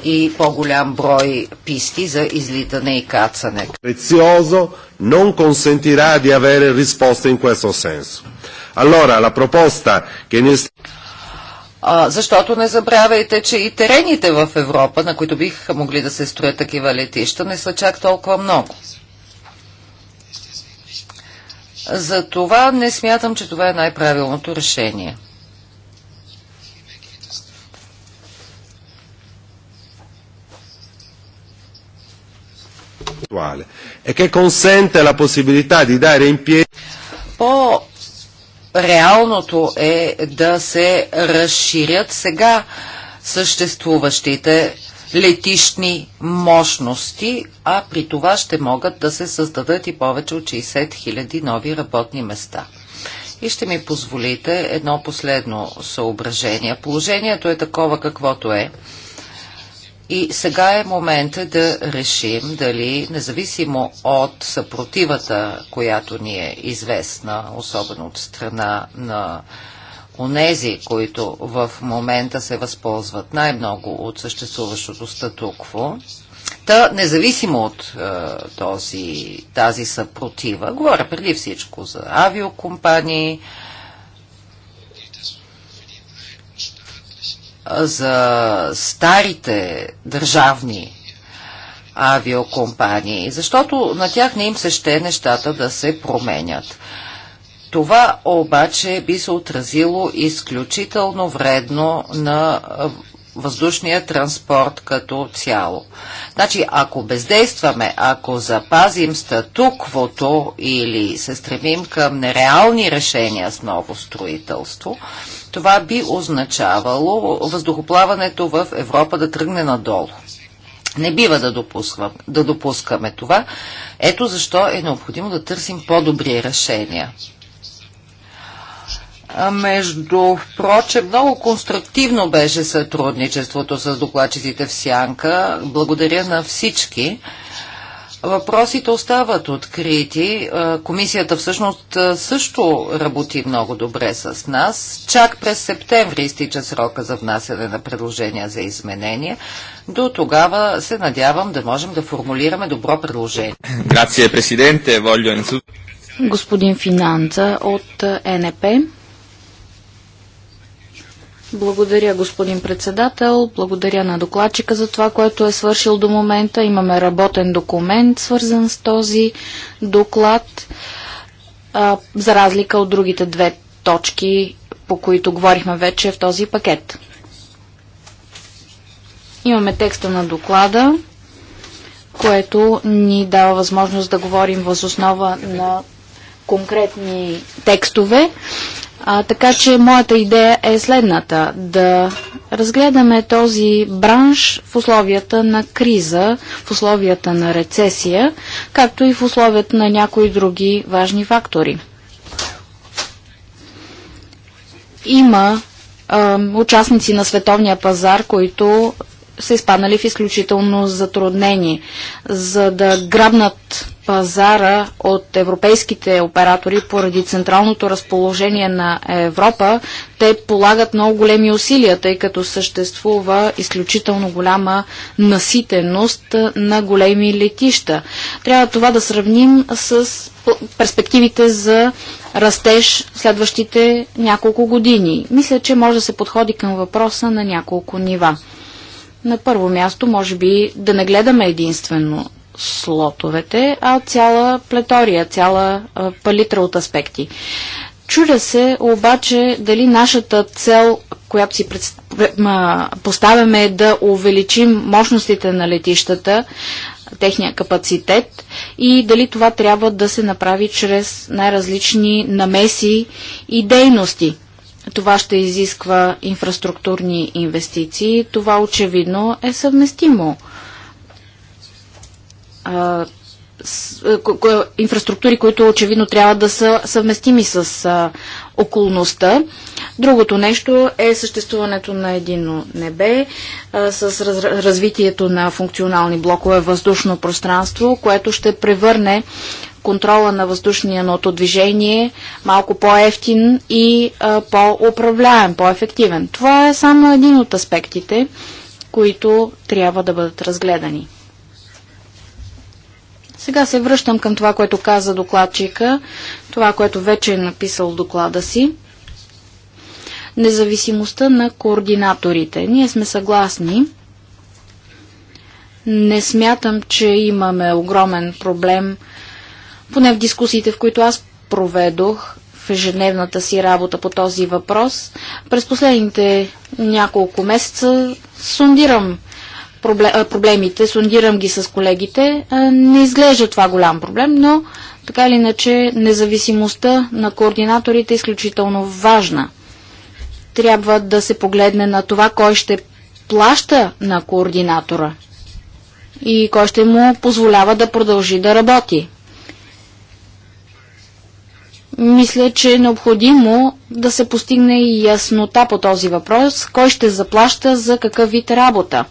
и по-голям брой писти за излитане и кацане. Prezioso non consentirà di avere risposte in questo senso. Allora la proposta che ne а, защото не забравяйте, че и терените в Европа, на които биха могли да се строят такива летища, не са чак толкова много. За това не смятам, че това е най-правилното решение. Е по реалното е да се разширят сега съществуващите летишни мощности, а при това ще могат да се създадат и повече от 60 000 нови работни места. И ще ми позволите едно последно съображение. Положението е такова каквото е. И сега е момента да решим дали, независимо от съпротивата, която ни е известна, особено от страна на онези, които в момента се възползват най-много от съществуващото статукво, Та, независимо от е, този, тази съпротива, говоря преди всичко за авиокомпании, за старите държавни авиокомпании, защото на тях не им се ще нещата да се променят. Това обаче би се отразило изключително вредно на въздушния транспорт като цяло. Значи, ако бездействаме, ако запазим статуквото или се стремим към нереални решения с ново строителство, това би означавало въздухоплаването в Европа да тръгне надолу. Не бива да, допускам, да допускаме това. Ето защо е необходимо да търсим по-добри решения. Между прочим, много конструктивно беше сътрудничеството с докладчиците в Сянка. Благодаря на всички. Въпросите остават открити. Комисията всъщност също работи много добре с нас. Чак през септември изтича срока за внасяне на предложения за изменения. До тогава се надявам да можем да формулираме добро предложение. Грация, президенте. Господин Финанца от НП. Благодаря, господин председател. Благодаря на докладчика за това, което е свършил до момента. Имаме работен документ, свързан с този доклад, а, за разлика от другите две точки, по които говорихме вече в този пакет. Имаме текста на доклада, което ни дава възможност да говорим възоснова основа на конкретни текстове. А, така че моята идея е следната да разгледаме този бранш в условията на криза, в условията на рецесия, както и в условията на някои други важни фактори. Има а, участници на световния пазар, които са изпаднали в изключително затруднение. За да грабнат пазара от европейските оператори поради централното разположение на Европа, те полагат много големи усилия, тъй като съществува изключително голяма наситеност на големи летища. Трябва това да сравним с перспективите за растеж следващите няколко години. Мисля, че може да се подходи към въпроса на няколко нива. На първо място, може би, да не гледаме единствено слотовете, а цяла плетория, цяла а, палитра от аспекти. Чудя се обаче дали нашата цел, която си пред... поставяме е да увеличим мощностите на летищата, техния капацитет и дали това трябва да се направи чрез най-различни намеси и дейности това ще изисква инфраструктурни инвестиции. Това очевидно е съвместимо. инфраструктури, които очевидно трябва да са съвместими с околността. Другото нещо е съществуването на едино небе с развитието на функционални блокове въздушно пространство, което ще превърне контрола на въздушното движение малко по-ефтин и по-управляем, по-ефективен. Това е само един от аспектите, които трябва да бъдат разгледани. Сега се връщам към това, което каза докладчика, това, което вече е написал доклада си. Независимостта на координаторите. Ние сме съгласни. Не смятам, че имаме огромен проблем поне в дискусиите, в които аз проведох в ежедневната си работа по този въпрос, през последните няколко месеца сундирам проблемите, сундирам ги с колегите. Не изглежда това голям проблем, но така или иначе независимостта на координаторите е изключително важна. Трябва да се погледне на това, кой ще плаща на координатора и кой ще му позволява да продължи да работи. Мисля, че е необходимо да се постигне и яснота по този въпрос. Кой ще заплаща за какъв вид работа?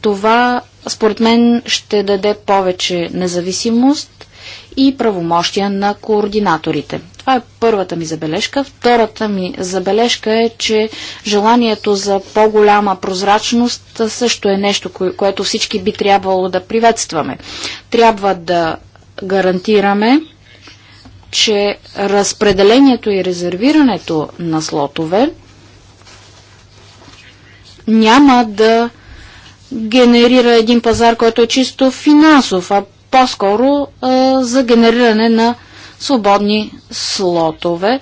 Това, според мен, ще даде повече независимост и правомощия на координаторите. Това е първата ми забележка. Втората ми забележка е, че желанието за по-голяма прозрачност също е нещо, което всички би трябвало да приветстваме. Трябва да гарантираме че разпределението и резервирането на слотове няма да генерира един пазар, който е чисто финансов, а по-скоро за генериране на свободни слотове,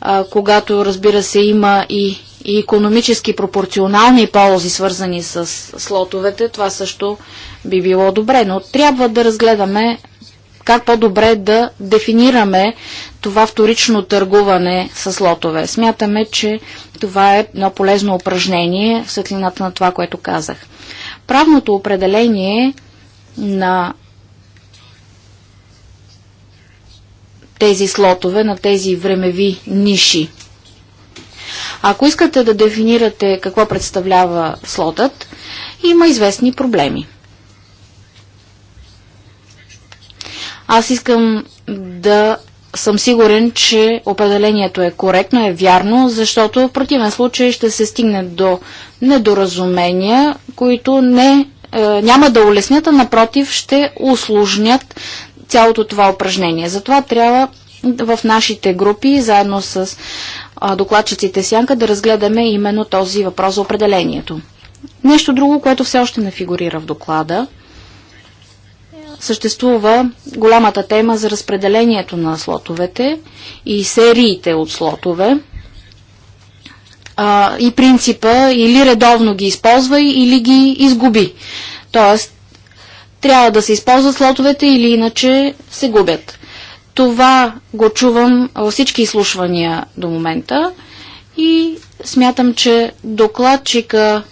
а, когато разбира се има и, и економически пропорционални ползи, свързани с слотовете, това също би било добре, но трябва да разгледаме как по-добре да дефинираме това вторично търгуване с лотове. Смятаме, че това е едно полезно упражнение в светлината на това, което казах. Правното определение на тези слотове, на тези времеви ниши. Ако искате да дефинирате какво представлява слотът, има известни проблеми. Аз искам да съм сигурен, че определението е коректно, е вярно, защото в противен случай ще се стигне до недоразумения, които не, е, няма да улеснят, а напротив ще усложнят цялото това упражнение. Затова трябва в нашите групи, заедно с докладчиците Сянка, да разгледаме именно този въпрос за определението. Нещо друго, което все още не фигурира в доклада – съществува голямата тема за разпределението на слотовете и сериите от слотове а, и принципа или редовно ги използвай, или ги изгуби. Тоест, трябва да се използват слотовете или иначе се губят. Това го чувам във всички изслушвания до момента и смятам, че докладчика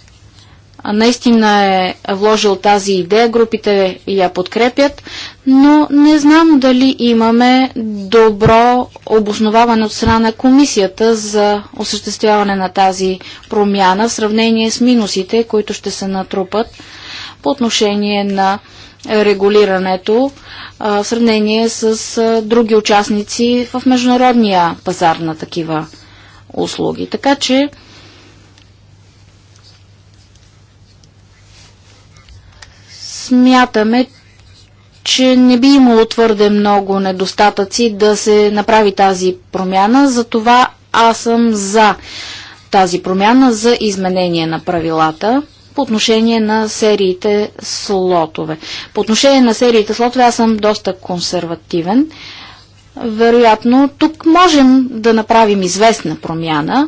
наистина е вложил тази идея, групите я подкрепят, но не знам дали имаме добро обосноваване от страна на комисията за осъществяване на тази промяна в сравнение с минусите, които ще се натрупат по отношение на регулирането в сравнение с други участници в международния пазар на такива услуги. Така че Смятаме, че не би имало твърде много недостатъци да се направи тази промяна, затова аз съм за тази промяна за изменение на правилата по отношение на сериите слотове. По отношение на сериите слотове аз съм доста консервативен. Вероятно, тук можем да направим известна промяна,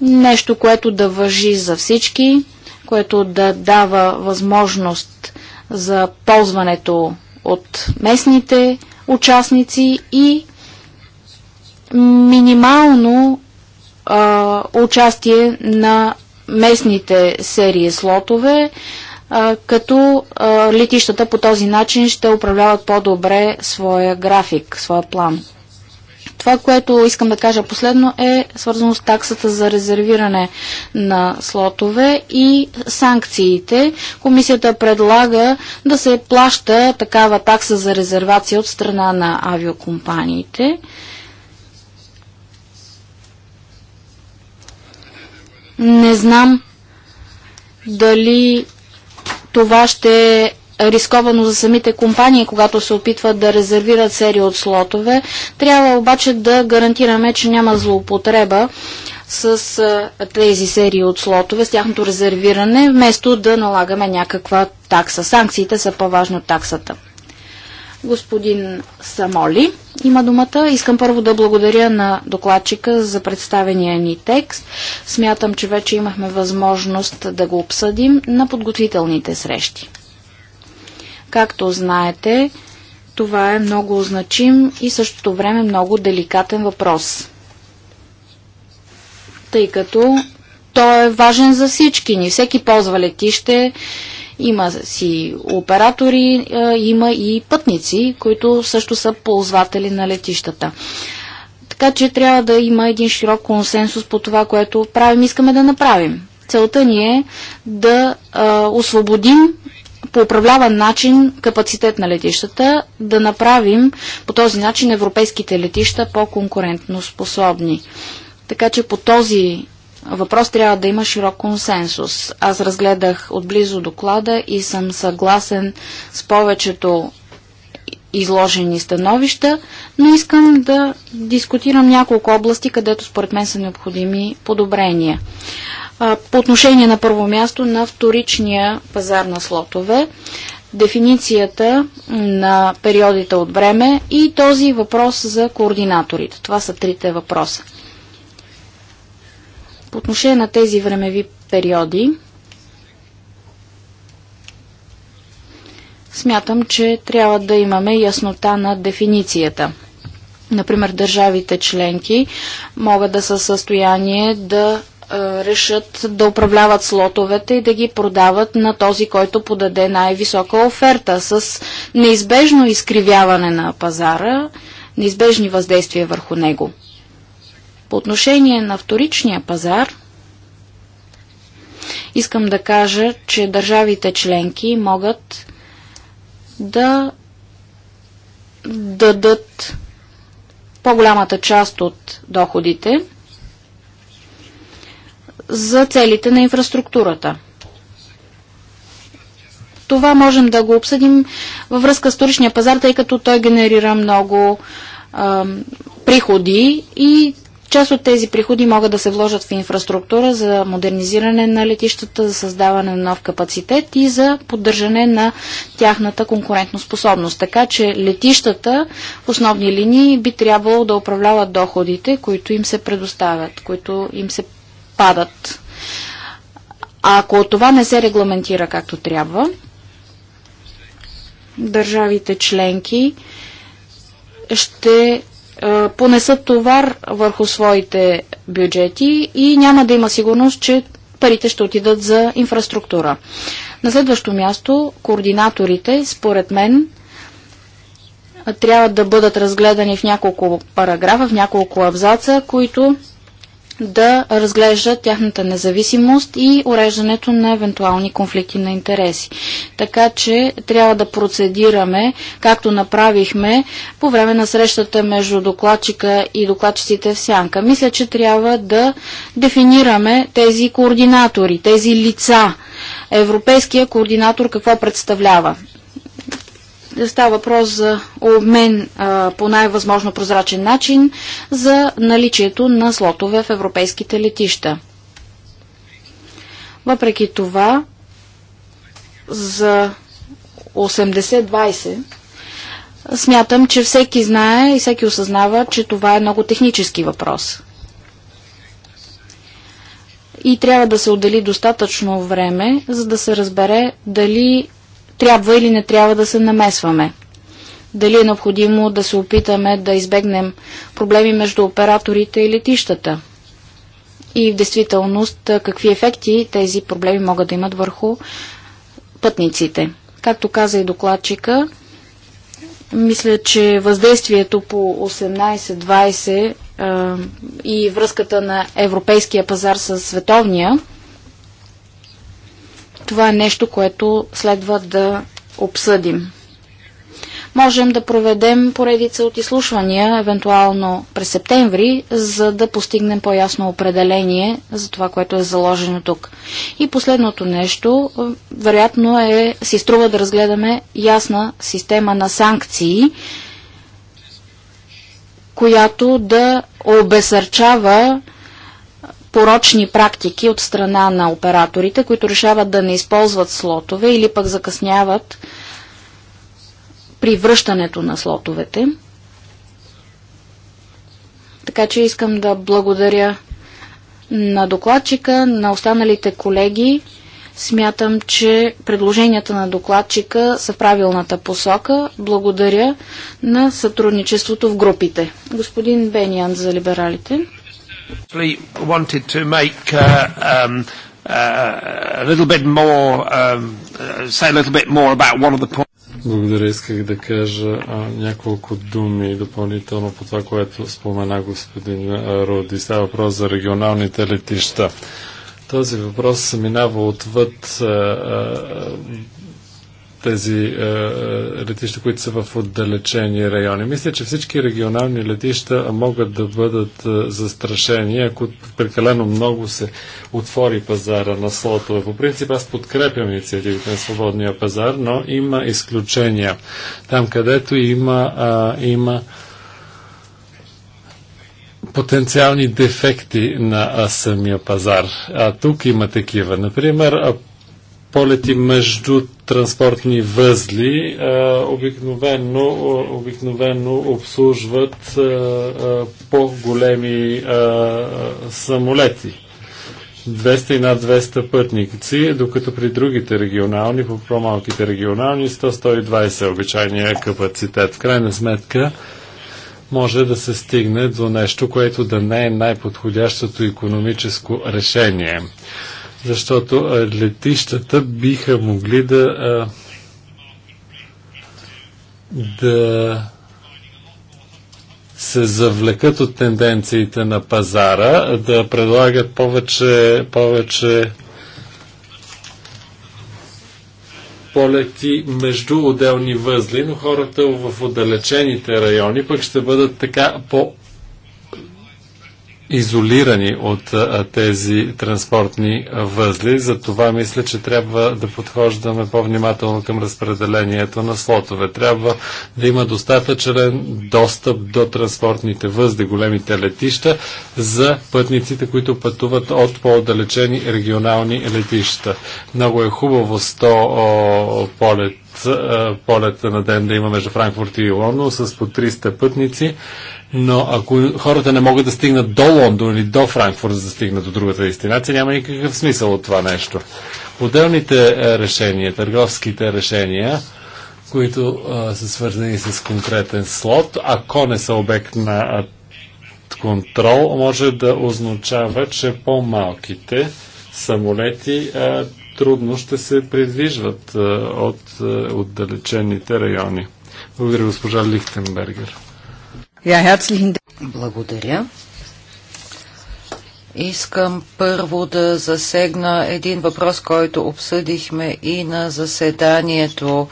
нещо, което да въжи за всички, което да дава възможност за ползването от местните участници и минимално а, участие на местните серии слотове, а, като а, летищата по този начин ще управляват по-добре своя график, своя план. Това, което искам да кажа последно е свързано с таксата за резервиране на слотове и санкциите. Комисията предлага да се плаща такава такса за резервация от страна на авиокомпаниите. Не знам дали това ще рисковано за самите компании, когато се опитват да резервират серия от слотове. Трябва обаче да гарантираме, че няма злоупотреба с а, тези серии от слотове, с тяхното резервиране, вместо да налагаме някаква такса. Санкциите са по-важни от таксата. Господин Самоли има думата. Искам първо да благодаря на докладчика за представения ни текст. Смятам, че вече имахме възможност да го обсъдим на подготвителните срещи. Както знаете, това е много значим и същото време много деликатен въпрос. Тъй като той е важен за всички ни. Всеки ползва летище, има си оператори, има и пътници, които също са ползватели на летищата. Така че трябва да има един широк консенсус по това, което правим, искаме да направим. Целта ни е да а, освободим по управляван начин капацитет на летищата, да направим по този начин европейските летища по-конкурентно способни. Така че по този въпрос трябва да има широк консенсус. Аз разгледах отблизо доклада и съм съгласен с повечето изложени становища, но искам да дискутирам няколко области, където според мен са необходими подобрения по отношение на първо място на вторичния пазар на слотове, дефиницията на периодите от време и този въпрос за координаторите. Това са трите въпроса. По отношение на тези времеви периоди, смятам, че трябва да имаме яснота на дефиницията. Например, държавите членки могат да са състояние да е, решат да управляват слотовете и да ги продават на този, който подаде най-висока оферта с неизбежно изкривяване на пазара, неизбежни въздействия върху него. По отношение на вторичния пазар, искам да кажа, че държавите членки могат да дадат по-голямата част от доходите – за целите на инфраструктурата. Това можем да го обсъдим във връзка с туричния пазар, тъй като той генерира много а, приходи и част от тези приходи могат да се вложат в инфраструктура за модернизиране на летищата, за създаване на нов капацитет и за поддържане на тяхната конкурентоспособност. Така че летищата в основни линии би трябвало да управляват доходите, които им се предоставят, които им се падат. Ако това не се регламентира както трябва, държавите членки ще понесат товар върху своите бюджети и няма да има сигурност, че парите ще отидат за инфраструктура. На следващо място, координаторите, според мен, трябва да бъдат разгледани в няколко параграфа, в няколко абзаца, които да разглеждат тяхната независимост и уреждането на евентуални конфликти на интереси. Така че трябва да процедираме, както направихме по време на срещата между докладчика и докладчиците в сянка. Мисля, че трябва да дефинираме тези координатори, тези лица. Европейския координатор какво представлява? Става въпрос за обмен а, по най-възможно прозрачен начин за наличието на слотове в европейските летища. Въпреки това, за 80-20 смятам, че всеки знае и всеки осъзнава, че това е много технически въпрос. И трябва да се отдели достатъчно време, за да се разбере дали трябва или не трябва да се намесваме. Дали е необходимо да се опитаме да избегнем проблеми между операторите и летищата. И в действителност какви ефекти тези проблеми могат да имат върху пътниците. Както каза и докладчика, мисля, че въздействието по 18-20 и връзката на европейския пазар с световния това е нещо, което следва да обсъдим. Можем да проведем поредица от изслушвания, евентуално през септември, за да постигнем по-ясно определение за това, което е заложено тук. И последното нещо, е, вероятно е, си струва да разгледаме ясна система на санкции, която да обесърчава порочни практики от страна на операторите, които решават да не използват слотове или пък закъсняват при връщането на слотовете. Така че искам да благодаря на докладчика, на останалите колеги. Смятам, че предложенията на докладчика са в правилната посока. Благодаря на сътрудничеството в групите. Господин Бениан за либералите wanted to make uh, um, uh, a little bit more, um, uh, say a little bit more about one of the points. Благодаря. Исках да кажа а, няколко думи допълнително по това, което спомена господин Роди. Става въпрос за регионалните летища. Този въпрос се минава отвъд а, а, тези е, е, летища, които са в отдалечени райони. Мисля, че всички регионални летища могат да бъдат е, застрашени, ако прекалено много се отвори пазара на слотове. По принцип аз подкрепям инициативите на свободния пазар, но има изключения. Там, където има, а, е, има потенциални дефекти на а, е, самия пазар. А тук има такива. Например, полети между транспортни възли а, обикновено, обслужват по-големи самолети. 200 и над 200 пътници, докато при другите регионални, по по-малките регионални, 100-120 е обичайния капацитет. В крайна сметка може да се стигне до нещо, което да не е най-подходящото економическо решение защото летищата биха могли да да се завлекат от тенденциите на пазара, да предлагат повече, повече полети между отделни възли, но хората в отдалечените райони пък ще бъдат така по изолирани от тези транспортни възли. За това мисля, че трябва да подхождаме по-внимателно към разпределението на слотове. Трябва да има достатъчен достъп до транспортните възли, големите летища, за пътниците, които пътуват от по-отдалечени регионални летища. Много е хубаво 100 полет, полета на ден да има между Франкфурт и Лондон с по 300 пътници но ако хората не могат да стигнат до Лондон или до Франкфурт, за да стигнат до другата дестинация, няма никакъв смисъл от това нещо. Отделните е, решения, търговските решения, които а, е, са свързани с конкретен слот, ако не са обект на а, контрол, може да означава, че по-малките самолети а, е, трудно ще се придвижват а, от а, отдалечените райони. Благодаря, госпожа Лихтенбергер. Благодаря. Искам първо да засегна един въпрос, който обсъдихме и на заседанието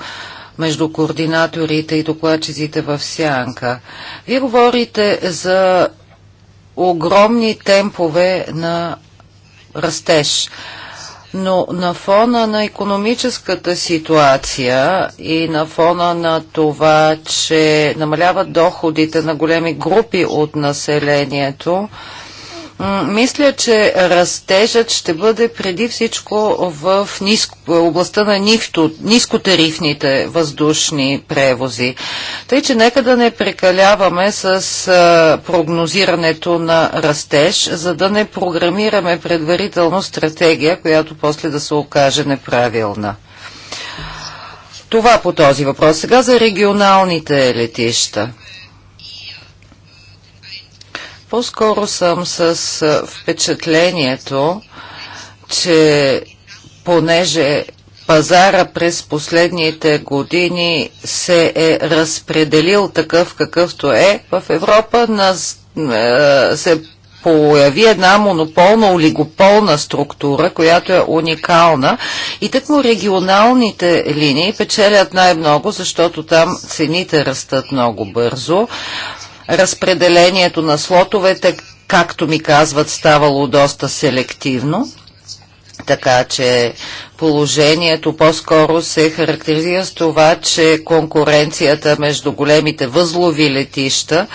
между координаторите и докладчиците в Сянка. Вие говорите за огромни темпове на растеж но на фона на економическата ситуация и на фона на това, че намаляват доходите на големи групи от населението, мисля, че растежът ще бъде преди всичко в ниско, областта на нифто, нискотарифните въздушни превози. Тъй, че нека да не прекаляваме с а, прогнозирането на растеж, за да не програмираме предварително стратегия, която после да се окаже неправилна. Това по този въпрос. Сега за регионалните летища. По-скоро съм с впечатлението, че понеже пазара през последните години се е разпределил такъв какъвто е, в Европа на, се появи една монополна, олигополна структура, която е уникална. И тъкмо регионалните линии печелят най-много, защото там цените растат много бързо. Разпределението на слотовете, както ми казват, ставало доста селективно, така че положението по-скоро се характеризира с това, че конкуренцията между големите възлови летища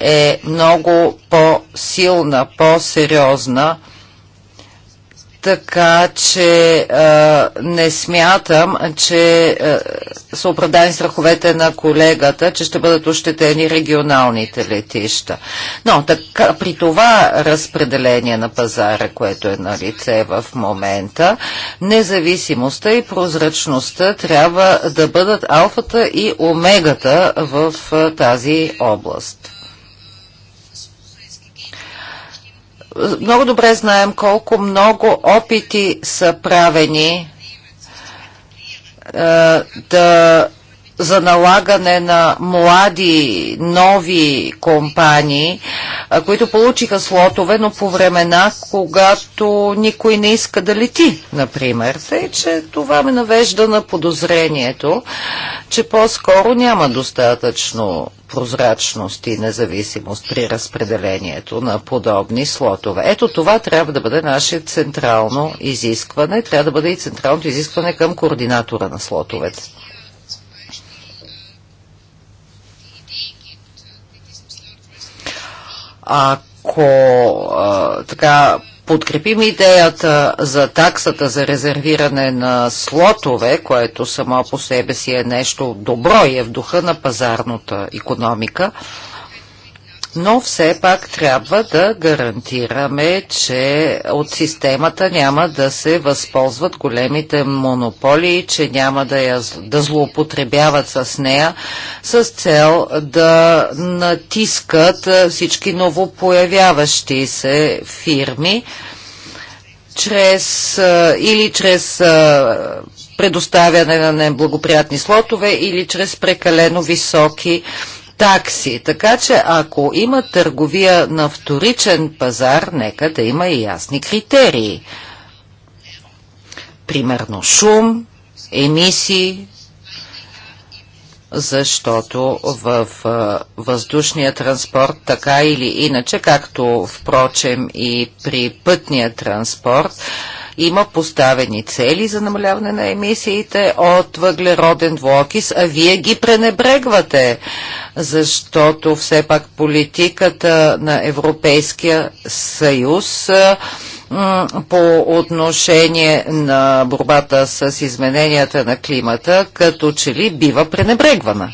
е много по-силна, по-сериозна, така че а, не смятам, че а, са оправдани страховете на колегата, че ще бъдат ощетени регионалните летища. Но така, при това разпределение на пазара, което е на лице в момента, независимостта и прозрачността трябва да бъдат алфата и омегата в а, тази област. много добре знаем колко много опити са правени е, да за налагане на млади, нови компании, които получиха слотове, но по времена, когато никой не иска да лети, например. Тъй, че това ме навежда на подозрението, че по-скоро няма достатъчно прозрачност и независимост при разпределението на подобни слотове. Ето това трябва да бъде наше централно изискване, трябва да бъде и централното изискване към координатора на слотовете. Ако а, така подкрепим идеята за таксата за резервиране на слотове, което само по себе си е нещо добро и е в духа на пазарната економика, но все пак трябва да гарантираме, че от системата няма да се възползват големите монополи, че няма да, я, да злоупотребяват с нея с цел да натискат всички новопоявяващи се фирми чрез, или чрез предоставяне на неблагоприятни слотове или чрез прекалено високи такси. Така че ако има търговия на вторичен пазар, нека да има и ясни критерии. Примерно шум, емисии, защото в въздушния транспорт така или иначе, както впрочем и при пътния транспорт, има поставени цели за намаляване на емисиите от въглероден двуокис, а вие ги пренебрегвате, защото все пак политиката на Европейския съюз по отношение на борбата с измененията на климата, като че ли бива пренебрегвана.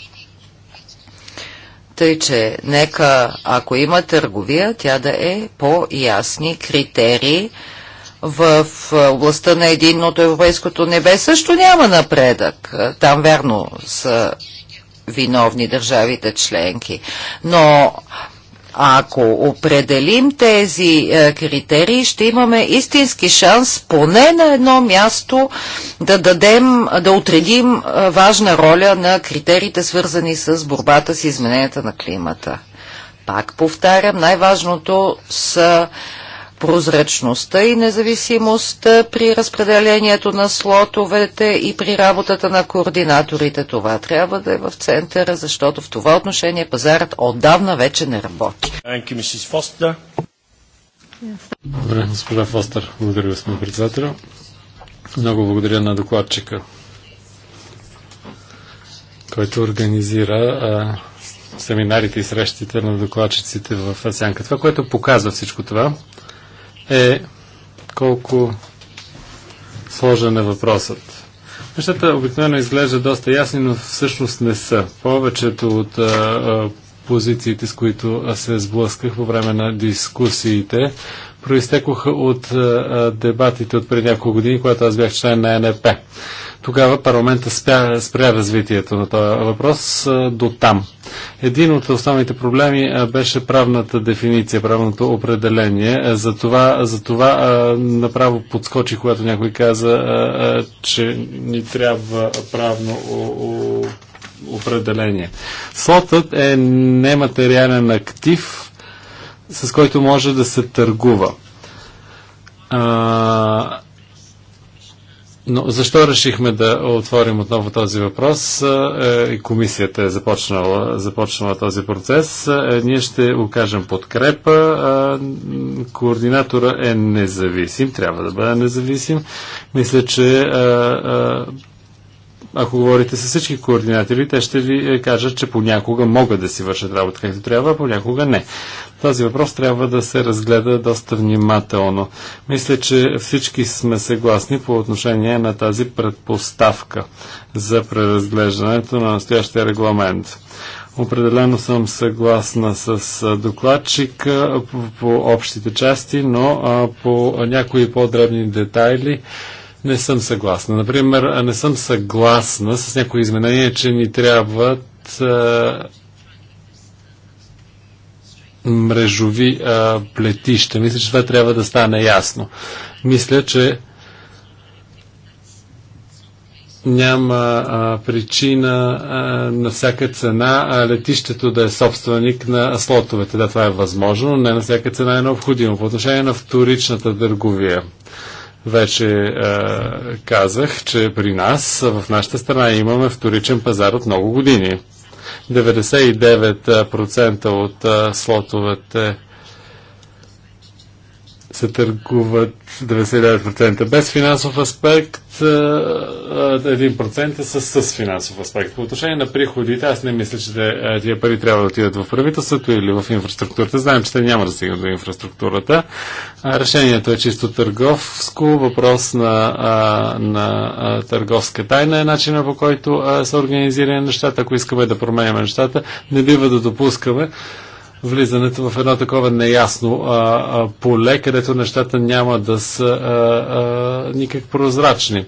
Тъй, че нека, ако има търговия, тя да е по ясни критерии, в е, областта на единното европейското небе също няма напредък. Е, там верно са виновни държавите членки. Но ако определим тези е, критерии, ще имаме истински шанс поне на едно място да дадем, да отредим важна роля на критериите, свързани с борбата с измененията на климата. Пак повтарям, най-важното са прозрачността и независимостта при разпределението на слотовете и при работата на координаторите. Това трябва да е в центъра, защото в това отношение пазарът отдавна вече не работи. Добре, госпожа Фостер, благодаря господин председател. Много благодаря на докладчика, който организира а, семинарите и срещите на докладчиците в Асянка. Това, което показва всичко това, е колко сложен е въпросът. Нещата обикновено изглежда доста ясни, но всъщност не са. Повечето от а, а, позициите, с които се сблъсках по време на дискусиите, проистекоха от а, дебатите от преди няколко години, когато аз бях член на НП. Тогава парламента спя, спря развитието на този въпрос а, до там. Един от основните проблеми а, беше правната дефиниция, правното определение. А, за това, за това а, направо подскочи, когато някой каза, а, а, че ни трябва правно о, о, определение. Слотът е нематериален актив, с който може да се търгува. А, но защо решихме да отворим отново този въпрос? Е, и комисията е започнала, започнала този процес. Е, ние ще окажем подкрепа. Координатора е независим, трябва да бъде независим. Мисля, че ако говорите с всички координатори, те ще ви е, кажат, че понякога могат да си вършат работа както трябва, а понякога не. Този въпрос трябва да се разгледа доста внимателно. Мисля, че всички сме съгласни по отношение на тази предпоставка за преразглеждането на настоящия регламент. Определено съм съгласна с докладчика по общите части, но по някои по-дребни детайли не съм съгласна. Например, не съм съгласна с някои изменения, че ни трябват а, мрежови а, плетища. Мисля, че това трябва да стане ясно. Мисля, че няма а, причина а, на всяка цена а, летището да е собственик на слотовете. Да, това е възможно, но не на всяка цена е необходимо. По отношение на вторичната търговия. Вече е, казах, че при нас, в нашата страна, имаме вторичен пазар от много години. 99% е, от е, слотовете се търгуват 99% без финансов аспект, 1% са е с, с финансов аспект. По отношение на приходите, аз не мисля, че тия пари трябва да отидат в правителството или в инфраструктурата. Знаем, че те няма да стигнат до инфраструктурата. Решението е чисто търговско. Въпрос на, на търговска тайна е начина по който са организирани нещата. Ако искаме да променяме нещата, не бива да допускаме влизането в едно такова неясно а, а, поле, където нещата няма да са а, а, никак прозрачни.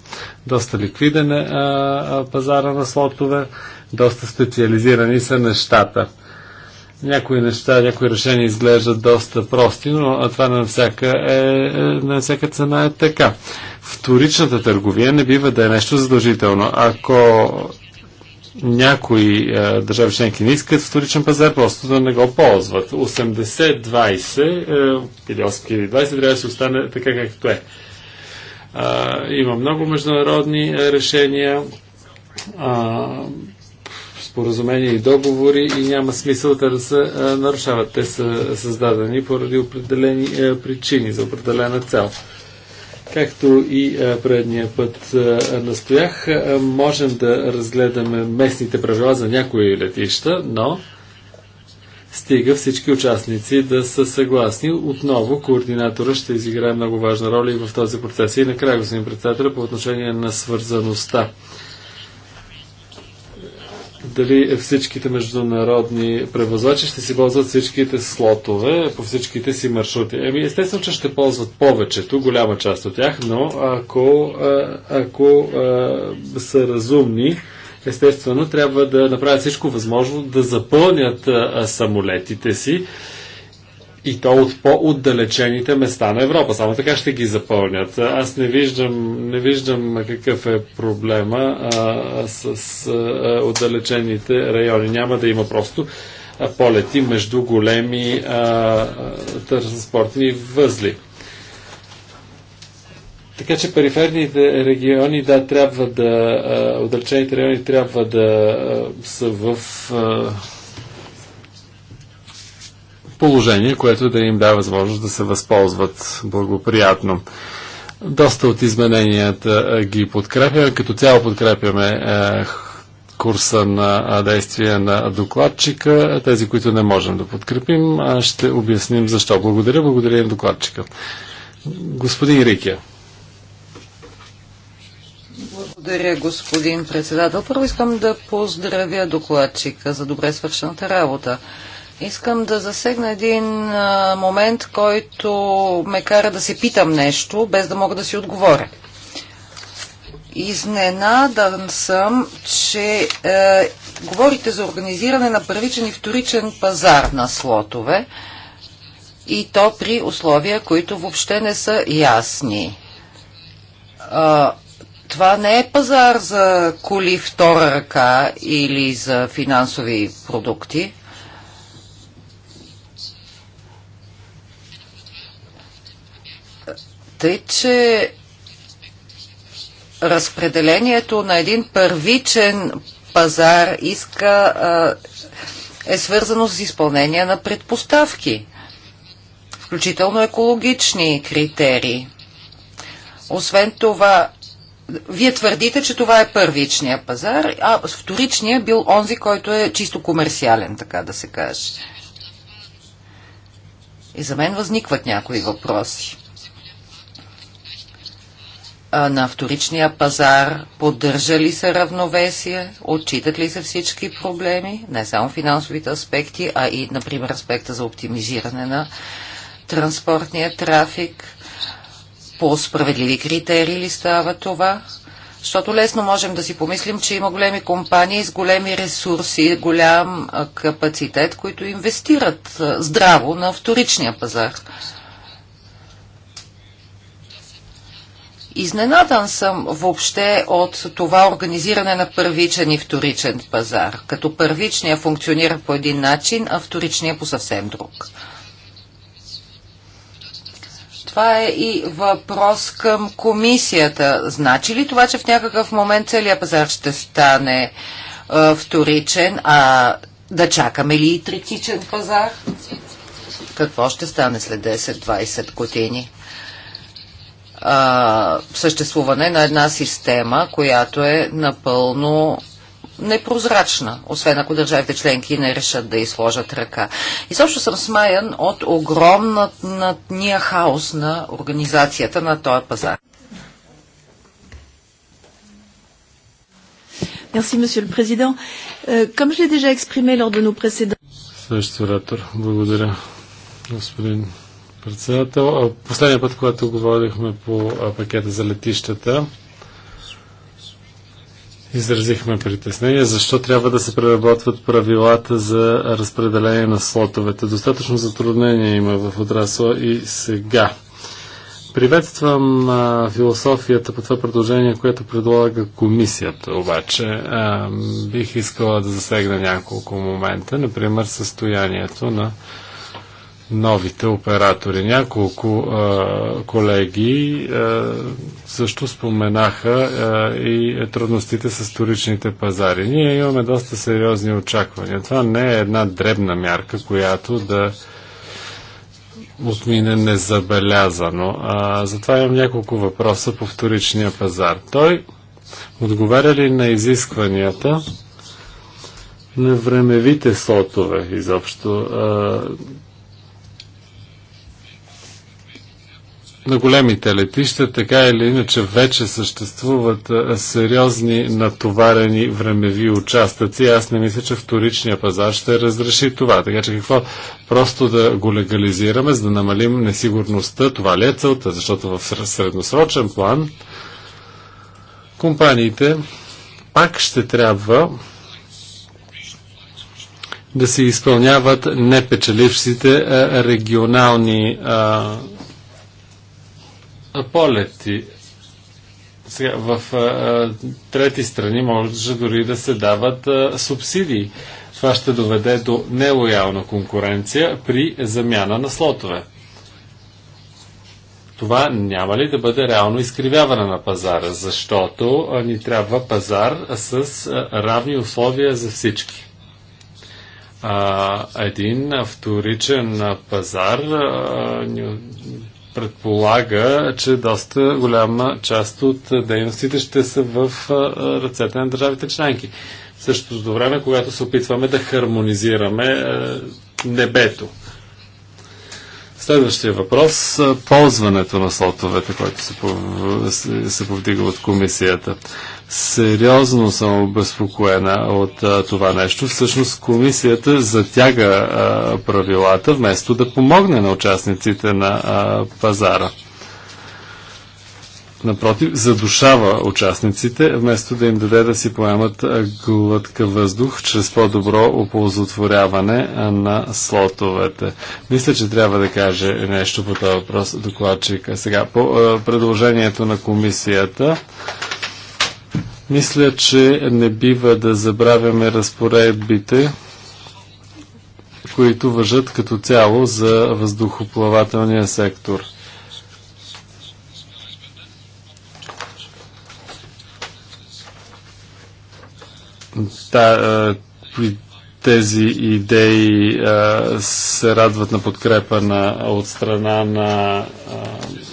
Доста ликвиден е а, а, пазара на слотове, доста специализирани са нещата. Някои неща, някои решения изглеждат доста прости, но това на всяка, е, е на всяка цена е така. Вторичната търговия не бива да е нещо задължително. Ако някои а, е, държави членки не искат вторичен пазар, просто да не го ползват. 80-20 е, или 80 20 трябва да се остане така както е. А, има много международни е, решения, а, споразумения и договори и няма смисъл те да се нарушават. Те са създадени поради определени причини за определена цел. Както и предния път настоях, можем да разгледаме местните правила за някои летища, но стига всички участници да са съгласни. Отново координатора ще изиграе много важна роля и в този процес. И накрая, господин председател, по отношение на свързаността дали всичките международни превозвачи ще си ползват всичките слотове по всичките си маршрути. Еми, естествено, че ще ползват повечето, голяма част от тях, но ако, ако са разумни, естествено, трябва да направят всичко възможно да запълнят самолетите си и то от по-отдалечените места на Европа. Само така ще ги запълнят. Аз не виждам, не виждам какъв е проблема а, с а, отдалечените райони. Няма да има просто а, полети между големи а, транспортни възли. Така че периферните региони, да, трябва да, а, отдалечените райони трябва да а, са в. А, положение, което да им дава възможност да се възползват благоприятно. Доста от измененията ги подкрепяме. Като цяло подкрепяме курса на действие на докладчика. Тези, които не можем да подкрепим, ще обясним защо. Благодаря, благодаря им докладчика. Господин Рикия. Благодаря, господин председател. Първо искам да поздравя докладчика за добре свършената работа. Искам да засегна един а, момент, който ме кара да се питам нещо, без да мога да си отговоря. Изненадан съм, че е, говорите за организиране на първичен и вторичен пазар на слотове и то при условия, които въобще не са ясни. А, това не е пазар за коли втора ръка или за финансови продукти. Тъй, че разпределението на един първичен пазар иска, е свързано с изпълнение на предпоставки, включително екологични критерии. Освен това, вие твърдите, че това е първичния пазар, а вторичния е бил онзи, който е чисто комерциален, така да се каже. И за мен възникват някои въпроси на вторичния пазар? Поддържа ли се равновесие? Отчитат ли се всички проблеми? Не само финансовите аспекти, а и, например, аспекта за оптимизиране на транспортния трафик. По справедливи критерии ли става това? Защото лесно можем да си помислим, че има големи компании с големи ресурси, голям капацитет, които инвестират здраво на вторичния пазар. Изненадан съм въобще от това организиране на първичен и вторичен пазар, като първичния функционира по един начин, а вторичния по съвсем друг. Това е и въпрос към комисията. Значи ли това, че в някакъв момент целият пазар ще стане а, е, вторичен, а да чакаме ли и третичен пазар? Какво ще стане след 10-20 години? а, съществуване на една система, която е напълно непрозрачна, освен ако държавите членки не решат да изложат ръка. И също съм смаян от огромният ния хаос на организацията на този пазар. Merci, Monsieur le Président. Euh, comme je l'ai déjà exprimé lors de nos précédents... Следващия оратор. Благодаря, господин председател. Последния път, когато говорихме по пакета за летищата, изразихме притеснение, защо трябва да се преработват правилата за разпределение на слотовете. Достатъчно затруднение има в отрасла и сега. Приветствам а, философията по това предложение, което предлага комисията, обаче а, бих искала да засегна няколко момента, например състоянието на новите оператори. Няколко а, колеги а, също споменаха а, и трудностите с вторичните пазари. Ние имаме доста сериозни очаквания. Това не е една дребна мярка, която да отмине незабелязано. А, затова имам няколко въпроса по вторичния пазар. Той отговаря ли на изискванията на времевите сотове изобщо? А, на големите летища, така или иначе вече съществуват сериозни натоварени времеви участъци. Аз не мисля, че вторичния пазар ще разреши това. Така че какво? Просто да го легализираме, за да намалим несигурността. Това ли е целта? Защото в средносрочен план компаниите пак ще трябва да се изпълняват непечелившите регионални а, полети. Сега, в а, трети страни може дори да се дават а, субсидии. Това ще доведе до нелоялна конкуренция при замяна на слотове. Това няма ли да бъде реално изкривяване на пазара, защото ни трябва пазар с равни условия за всички. един вторичен пазар предполага, че доста голяма част от дейностите ще са в ръцете на държавите членки. В същото време, когато се опитваме да хармонизираме небето. Следващия въпрос ползването на слотовете, който се повдига от комисията сериозно съм обезпокоена от а, това нещо. Всъщност комисията затяга а, правилата, вместо да помогне на участниците на а, пазара. Напротив, задушава участниците, вместо да им даде да си поемат глътка въздух чрез по-добро оползотворяване на слотовете. Мисля, че трябва да каже нещо по този въпрос докладчика. Сега, по а, предложението на комисията мисля, че не бива да забравяме разпоредбите, които въжат като цяло за въздухоплавателния сектор. Та, е, тези идеи а, е, се радват на подкрепа на, от страна на а, е,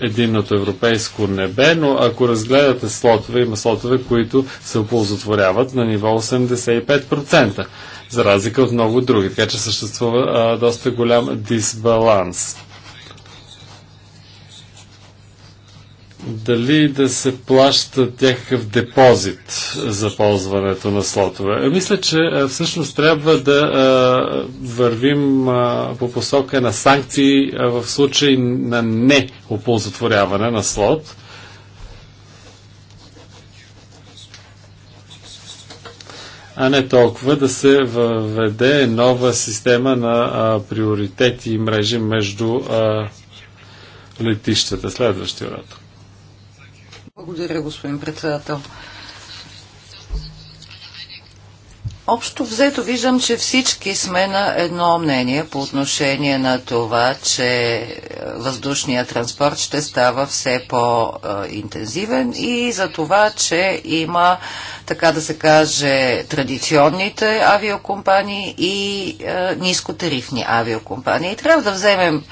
единното европейско небе, но ако разгледате слотове, има слотове, които се оползотворяват на ниво 85%, за разлика от много други. Така че съществува а, доста голям дисбаланс. дали да се плаща някакъв депозит за ползването на слотове. Е, мисля, че е, всъщност трябва да е, вървим по посока на санкции в случай на неоползотворяване на слот. а не толкова да се въведе нова система на а, приоритети и мрежи между а, летищата. Следващия оратор. Благодаря, господин председател. Общо взето виждам, че всички сме на едно мнение по отношение на това, че въздушният транспорт ще става все по-интензивен и за това, че има, така да се каже, традиционните авиокомпании и е, нискотарифни авиокомпании. И трябва да вземем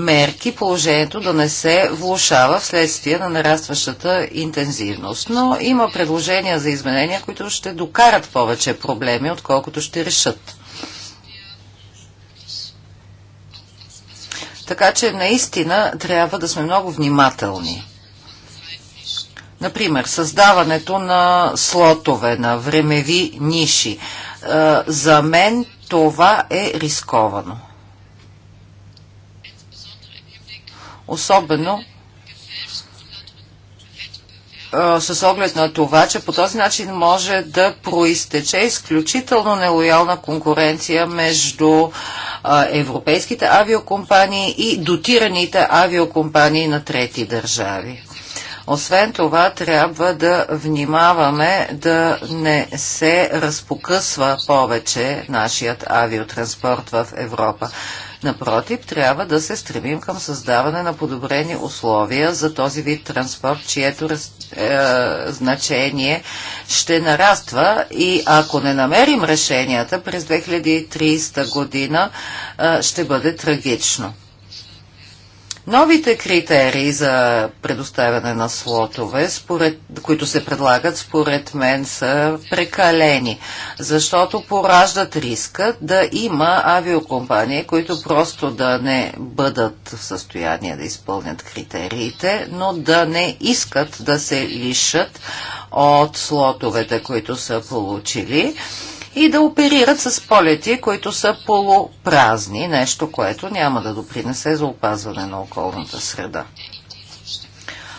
мерки положението да не се влушава вследствие на нарастващата интензивност. Но има предложения за изменения, които ще докарат повече проблеми, отколкото ще решат. Така че наистина трябва да сме много внимателни. Например, създаването на слотове, на времеви ниши. Е, за мен това е рисковано. особено с оглед на това, че по този начин може да проистече изключително нелоялна конкуренция между европейските авиокомпании и дотираните авиокомпании на трети държави. Освен това, трябва да внимаваме да не се разпокъсва повече нашият авиотранспорт в Европа. Напротив, трябва да се стремим към създаване на подобрени условия за този вид транспорт, чието раз, е, значение ще нараства и ако не намерим решенията през 2300 година, е, ще бъде трагично. Новите критерии за предоставяне на слотове, според, които се предлагат, според мен са прекалени, защото пораждат риска да има авиокомпании, които просто да не бъдат в състояние да изпълнят критериите, но да не искат да се лишат от слотовете, които са получили и да оперират с полети, които са полупразни, нещо, което няма да допринесе за опазване на околната среда.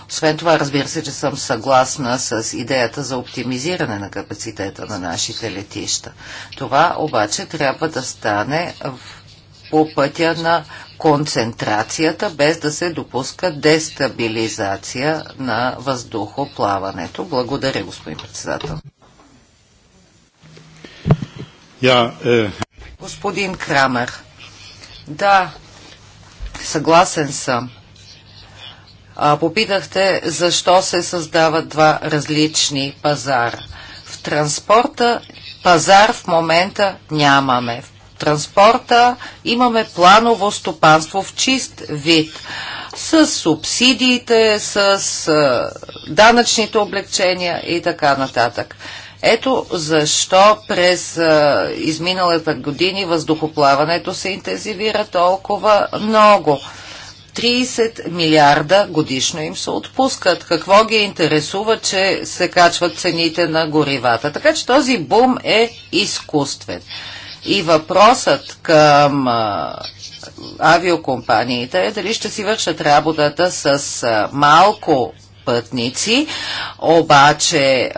Освен това, разбира се, че съм съгласна с идеята за оптимизиране на капацитета на нашите летища. Това обаче трябва да стане в по пътя на концентрацията, без да се допуска дестабилизация на въздухоплаването. Благодаря, господин председател. E, Господин Крамер, да, съгласен съм. А, попитахте защо се създават два различни пазара. В транспорта пазар в момента нямаме. В транспорта имаме планово стопанство в чист вид с субсидиите, с данъчните облегчения и така нататък. Ето защо през а, изминалите години въздухоплаването се интензивира толкова много. 30 милиарда годишно им се отпускат. Какво ги интересува, че се качват цените на горивата? Така че този бум е изкуствен. И въпросът към а, авиокомпаниите е дали ще си вършат работата с а, малко пътници, обаче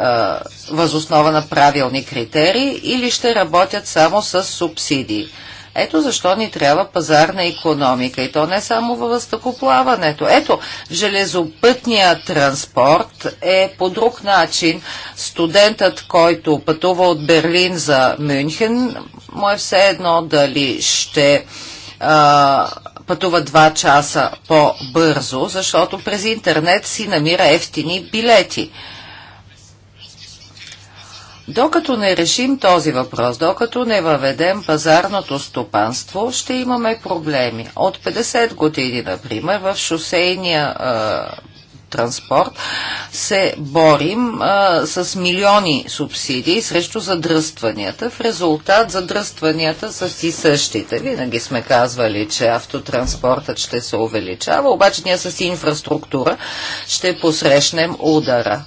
възоснова на правилни критерии или ще работят само с субсидии. Ето защо ни трябва пазарна економика и то не само във въздухоплаването. Ето, железопътния транспорт е по друг начин. Студентът, който пътува от Берлин за Мюнхен, му е все едно дали ще а, пътува 2 часа по-бързо, защото през интернет си намира ефтини билети. Докато не решим този въпрос, докато не въведем пазарното стопанство, ще имаме проблеми. От 50 години, например, в шосейния транспорт, се борим а, с милиони субсидии срещу задръстванията. В резултат задръстванията са си същите. Винаги сме казвали, че автотранспортът ще се увеличава, обаче ние с инфраструктура ще посрещнем удара.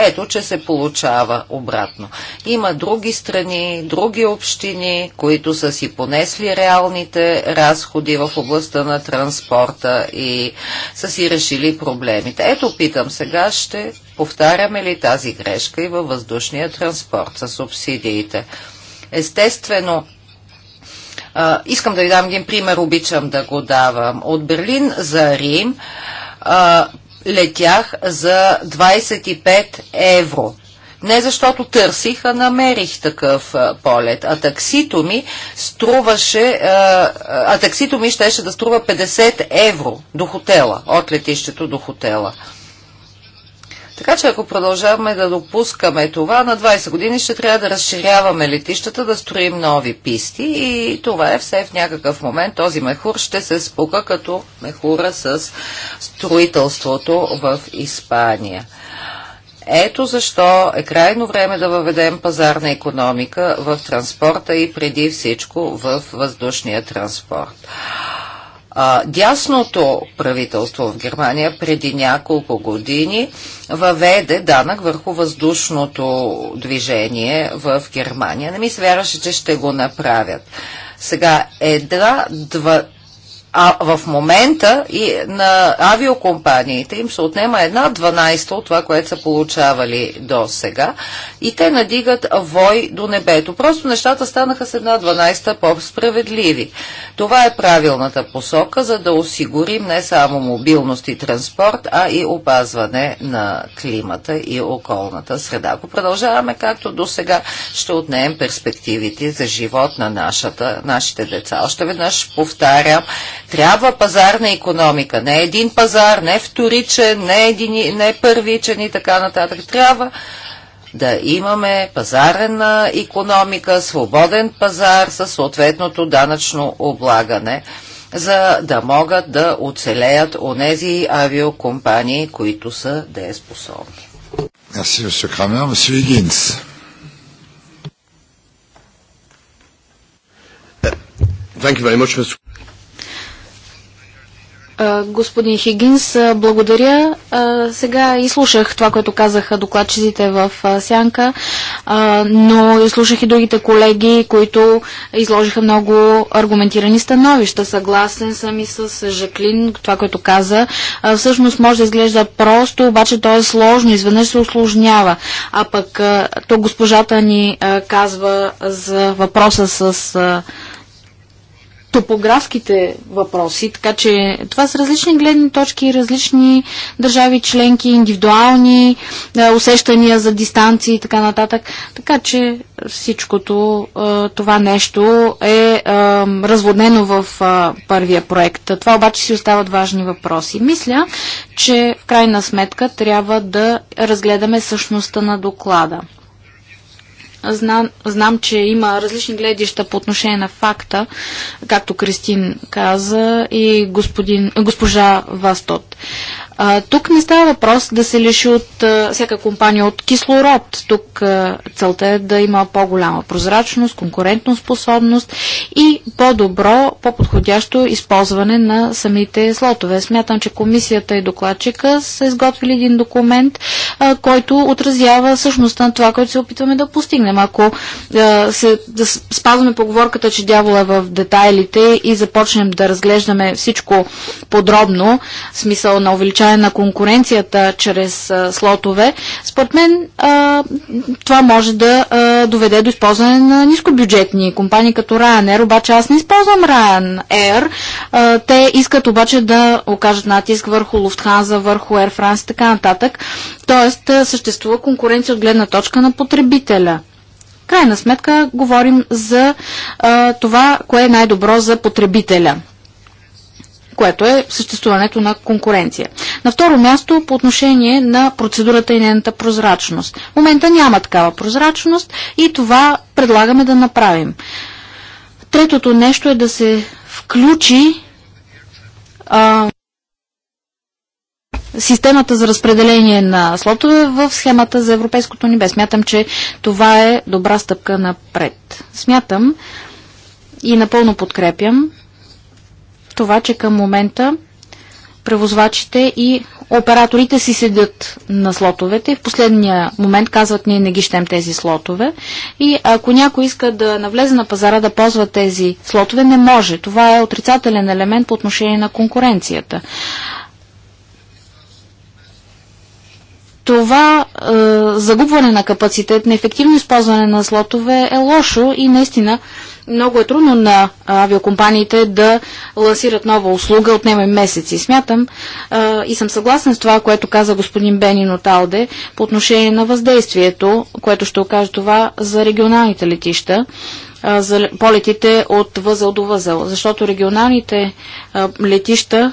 Ето, че се получава обратно. Има други страни, други общини, които са си понесли реалните разходи в областта на транспорта и са си решили проблемите. Ето, питам сега, ще повтаряме ли тази грешка и във въздушния транспорт с субсидиите? Естествено, а, искам да ви дам един пример, обичам да го давам. От Берлин за Рим а, летях за 25 евро. Не защото търсих, а намерих такъв а, полет. А таксито ми струваше, а, а таксито ми щеше да струва 50 евро до хотела, от летището до хотела. Така че ако продължаваме да допускаме това, на 20 години ще трябва да разширяваме летищата, да строим нови писти и това е все в някакъв момент. Този мехур ще се спука като мехура с строителството в Испания. Ето защо е крайно време да въведем пазарна економика в транспорта и преди всичко в въздушния транспорт. А, дясното правителство в Германия преди няколко години въведе данък върху въздушното движение в Германия. Не ми се вярваше, че ще го направят. Сега едва два, а в момента и на авиокомпаниите им се отнема една 12 от това, което са получавали до сега и те надигат вой до небето. Просто нещата станаха с една 12 по-справедливи. Това е правилната посока, за да осигурим не само мобилност и транспорт, а и опазване на климата и околната среда. Ако продължаваме както до сега, ще отнеем перспективите за живот на нашата, нашите деца. Още веднъж повтарям, трябва пазарна економика. Не един пазар, не вторичен, не, един, не първичен и така нататък. Трябва да имаме пазарена економика, свободен пазар със съответното данъчно облагане, за да могат да оцелеят онези авиокомпании, които са дееспособни. Merci, monsieur Kramer. Monsieur Higgins. Thank you very much, Mr. Господин Хигинс, благодаря. Сега изслушах това, което казаха докладчиците в Сянка, но изслушах и другите колеги, които изложиха много аргументирани становища. Съгласен съм и с Жаклин, това, което каза. Всъщност може да изглежда просто, обаче то е сложно, изведнъж се осложнява. А пък то госпожата ни казва за въпроса с топографските въпроси, така че това са различни гледни точки, различни държави членки, индивидуални е, усещания за дистанции и така нататък. Така че всичкото е, това нещо е, е разводнено в е, първия проект. Това обаче си остават важни въпроси. Мисля, че в крайна сметка трябва да разгледаме същността на доклада. Знам, знам, че има различни гледища по отношение на факта, както Кристин каза и господин, госпожа Вастот. А, тук не става въпрос да се лиши от а, всяка компания от кислород. Тук а, целта е да има по-голяма прозрачност, конкурентно способност и по-добро, по-подходящо използване на самите слотове. Смятам, че комисията и докладчика са изготвили един документ, а, който отразява същността на това, което се опитваме да постигнем. Ако а, се, да спазваме поговорката, че дявола е в детайлите и започнем да разглеждаме всичко подробно, смисъл на увеличаване играе на конкуренцията чрез а, слотове, според мен а, това може да а, доведе до използване на нискобюджетни компании като Ryanair, обаче аз не използвам Ryanair. А, те искат обаче да окажат натиск върху Lufthansa, върху Air France и така нататък. Тоест съществува конкуренция от гледна точка на потребителя крайна сметка говорим за а, това, кое е най-добро за потребителя което е съществуването на конкуренция. На второ място, по отношение на процедурата и нейната прозрачност. В момента няма такава прозрачност и това предлагаме да направим. Третото нещо е да се включи а, системата за разпределение на слотове в схемата за европейското небе. Смятам, че това е добра стъпка напред. Смятам и напълно подкрепям това, че към момента превозвачите и операторите си седят на слотовете и в последния момент казват ние не ги щем тези слотове и ако някой иска да навлезе на пазара да ползва тези слотове, не може. Това е отрицателен елемент по отношение на конкуренцията. това е, загубване на капацитет, неефективно използване на слотове е лошо и наистина много е трудно на авиокомпаниите да лансират нова услуга, отнема месеци. Смятам а, и съм съгласен с това, което каза господин Бенин от Алде по отношение на въздействието, което ще окаже това за регионалните летища а, за полетите от възел до възел, защото регионалните а, летища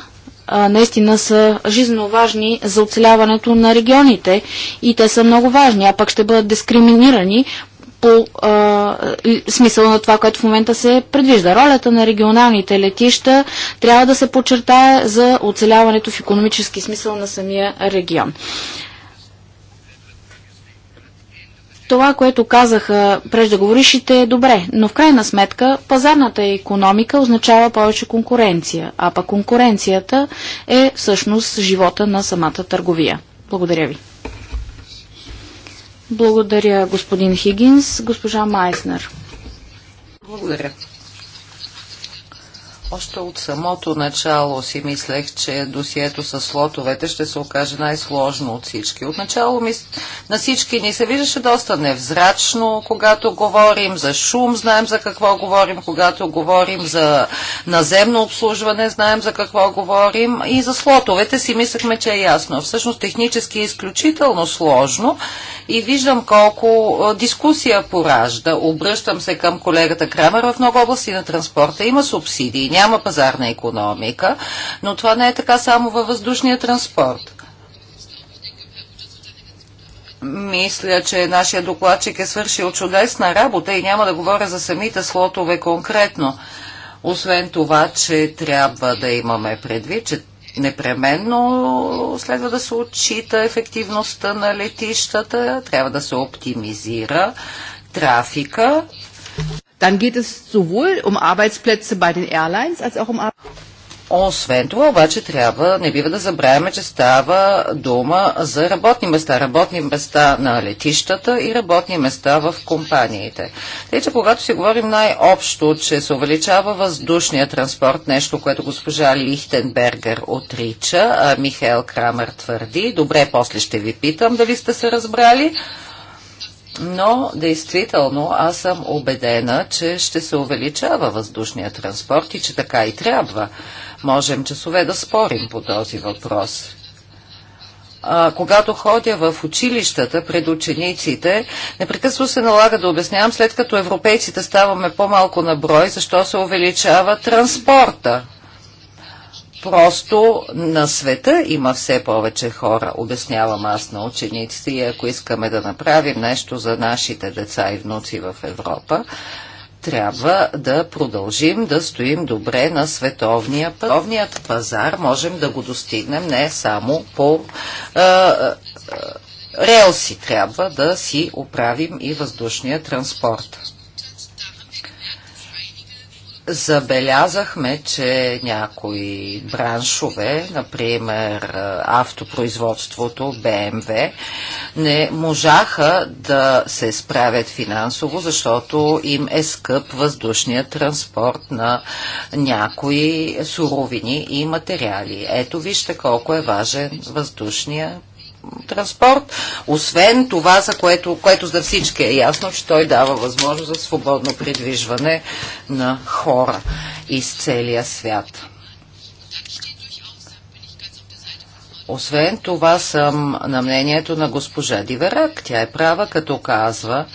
наистина са жизненно важни за оцеляването на регионите и те са много важни, а пък ще бъдат дискриминирани по а, смисъл на това, което в момента се предвижда. Ролята на регионалните летища трябва да се подчертае за оцеляването в економически смисъл на самия регион. Това, което казаха преждеговорившите е добре, но в крайна сметка пазарната економика означава повече конкуренция, а пък конкуренцията е всъщност живота на самата търговия. Благодаря ви. Благодаря, господин Хигинс. Госпожа Майснер. Благодаря. Още от самото начало си мислех, че досието с слотовете ще се окаже най-сложно от всички. Отначало мис... на всички ни се виждаше доста невзрачно, когато говорим за шум, знаем за какво говорим, когато говорим за наземно обслужване, знаем за какво говорим и за слотовете си мислехме, че е ясно. Всъщност технически е изключително сложно и виждам колко дискусия поражда. Обръщам се към колегата Крамер в много области на транспорта. Има субсидии няма пазарна економика, но това не е така само във въздушния транспорт. Мисля, че нашия докладчик е свършил чудесна работа и няма да говоря за самите слотове конкретно. Освен това, че трябва да имаме предвид, че непременно следва да се отчита ефективността на летищата, трябва да се оптимизира трафика. Dann geht es sowohl um Arbeitsplätze bei den Airlines als auch um освен това, обаче, трябва, не бива да забравяме, че става дума за работни места. Работни места на летищата и работни места в компаниите. Тъй, че когато си говорим най-общо, че се увеличава въздушния транспорт, нещо, което госпожа Лихтенбергер отрича, а Михаил Крамер твърди, добре, после ще ви питам дали сте се разбрали, но, действително, аз съм убедена, че ще се увеличава въздушния транспорт и че така и трябва. Можем часове да спорим по този въпрос. А, когато ходя в училищата пред учениците, непрекъсно се налага да обяснявам, след като европейците ставаме по-малко на брой, защо се увеличава транспорта. Просто на света има все повече хора, обяснявам аз на учениците и ако искаме да направим нещо за нашите деца и внуци в Европа, трябва да продължим да стоим добре на световния пазар. Световният пазар можем да го достигнем не само по а, а, релси, трябва да си оправим и въздушния транспорт. Забелязахме, че някои браншове, например автопроизводството, БМВ, не можаха да се справят финансово, защото им е скъп въздушният транспорт на някои суровини и материали. Ето вижте колко е важен въздушния транспорт, освен това, за което, което за всички е ясно, че той дава възможност за свободно придвижване на хора из целия свят. Освен това съм на мнението на госпожа Диверак. Тя е права, като казва,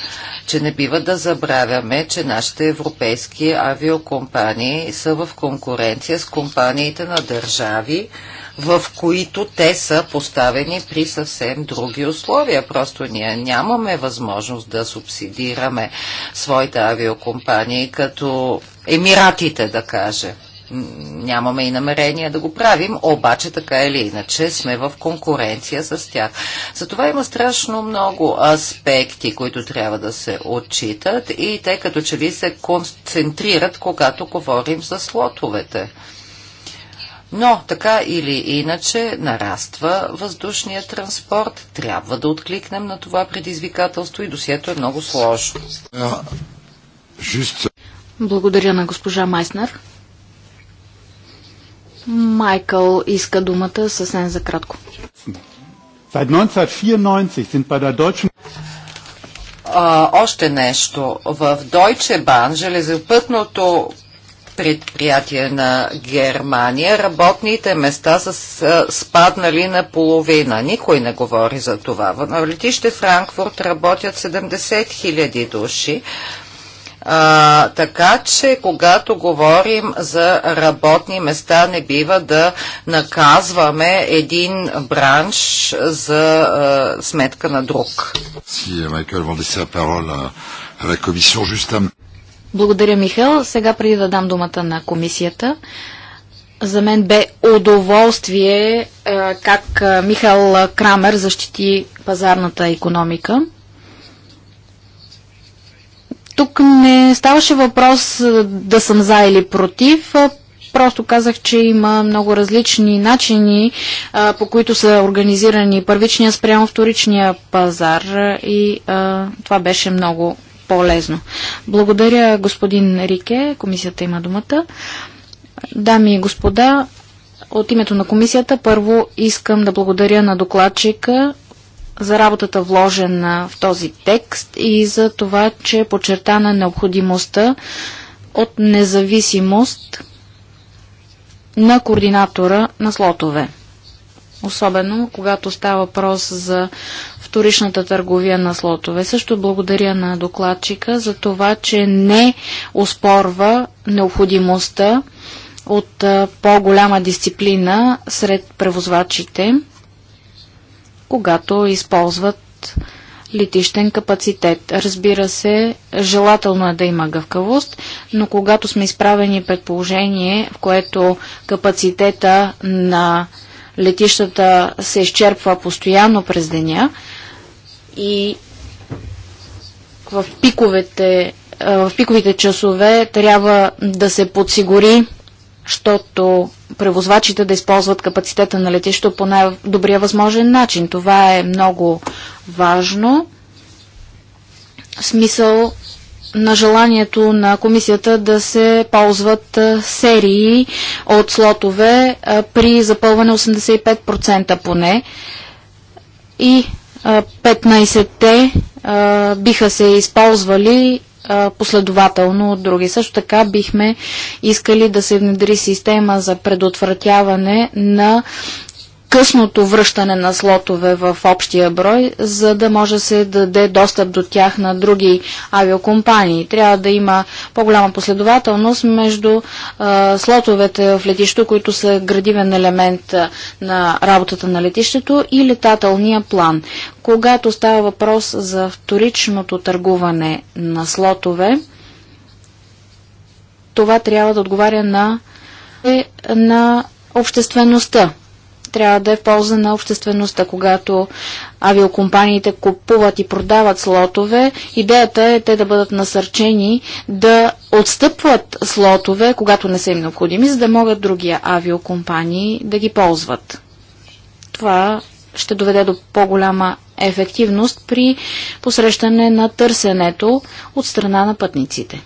че не бива да забравяме, че нашите европейски авиокомпании са в конкуренция с компаниите на държави, в които те са поставени при съвсем други условия. Просто ние нямаме възможност да субсидираме своите авиокомпании, като Емиратите, да кажем нямаме и намерение да го правим, обаче така или иначе сме в конкуренция с тях. Затова има страшно много аспекти, които трябва да се отчитат и те като че ли се концентрират, когато говорим за слотовете. Но така или иначе нараства въздушния транспорт. Трябва да откликнем на това предизвикателство и досието е много сложно. Благодаря на госпожа Майснер. Майкъл иска думата съвсем за кратко. още нещо. В Deutsche Bahn железопътното предприятие на Германия, работните места са спаднали на половина. Никой не говори за това. На летище Франкфурт работят 70 000 души. А, така че, когато говорим за работни места, не бива да наказваме един бранш за а, сметка на друг. Си, Майкъл, благодаря, Михаил. Сега преди да дам думата на комисията, за мен бе удоволствие е, как е, Михал Крамер защити пазарната економика. Тук не ставаше въпрос е, да съм за или против. Просто казах, че има много различни начини, а, по които са организирани първичния спрямо вторичния пазар и а, това беше много по-лесно. Благодаря, господин Рике. Комисията има думата. Дами и господа, от името на комисията първо искам да благодаря на докладчика за работата вложена в този текст и за това, че е подчертана необходимостта от независимост на координатора на слотове. Особено когато става въпрос за вторичната търговия на слотове. Също благодаря на докладчика за това, че не успорва необходимостта от по-голяма дисциплина сред превозвачите, когато използват летищен капацитет. Разбира се, желателно е да има гъвкавост, но когато сме изправени пред положение, в което капацитета на летищата се изчерпва постоянно през деня, и в пиковете, в пиковите часове трябва да се подсигури, защото превозвачите да използват капацитета на летището по най-добрия възможен начин. Това е много важно. В смисъл на желанието на комисията да се ползват серии от слотове при запълване 85% поне. И 15-те биха се използвали последователно от други. Също така бихме искали да се внедри система за предотвратяване на късното връщане на слотове в общия брой, за да може се даде достъп до тях на други авиокомпании. Трябва да има по-голяма последователност между а, слотовете в летището, които са градивен елемент на работата на летището и летателния план. Когато става въпрос за вторичното търгуване на слотове, това трябва да отговаря на, е, на обществеността трябва да е в полза на обществеността, когато авиокомпаниите купуват и продават слотове. Идеята е те да бъдат насърчени да отстъпват слотове, когато не са им необходими, за да могат други авиокомпании да ги ползват. Това ще доведе до по-голяма ефективност при посрещане на търсенето от страна на пътниците.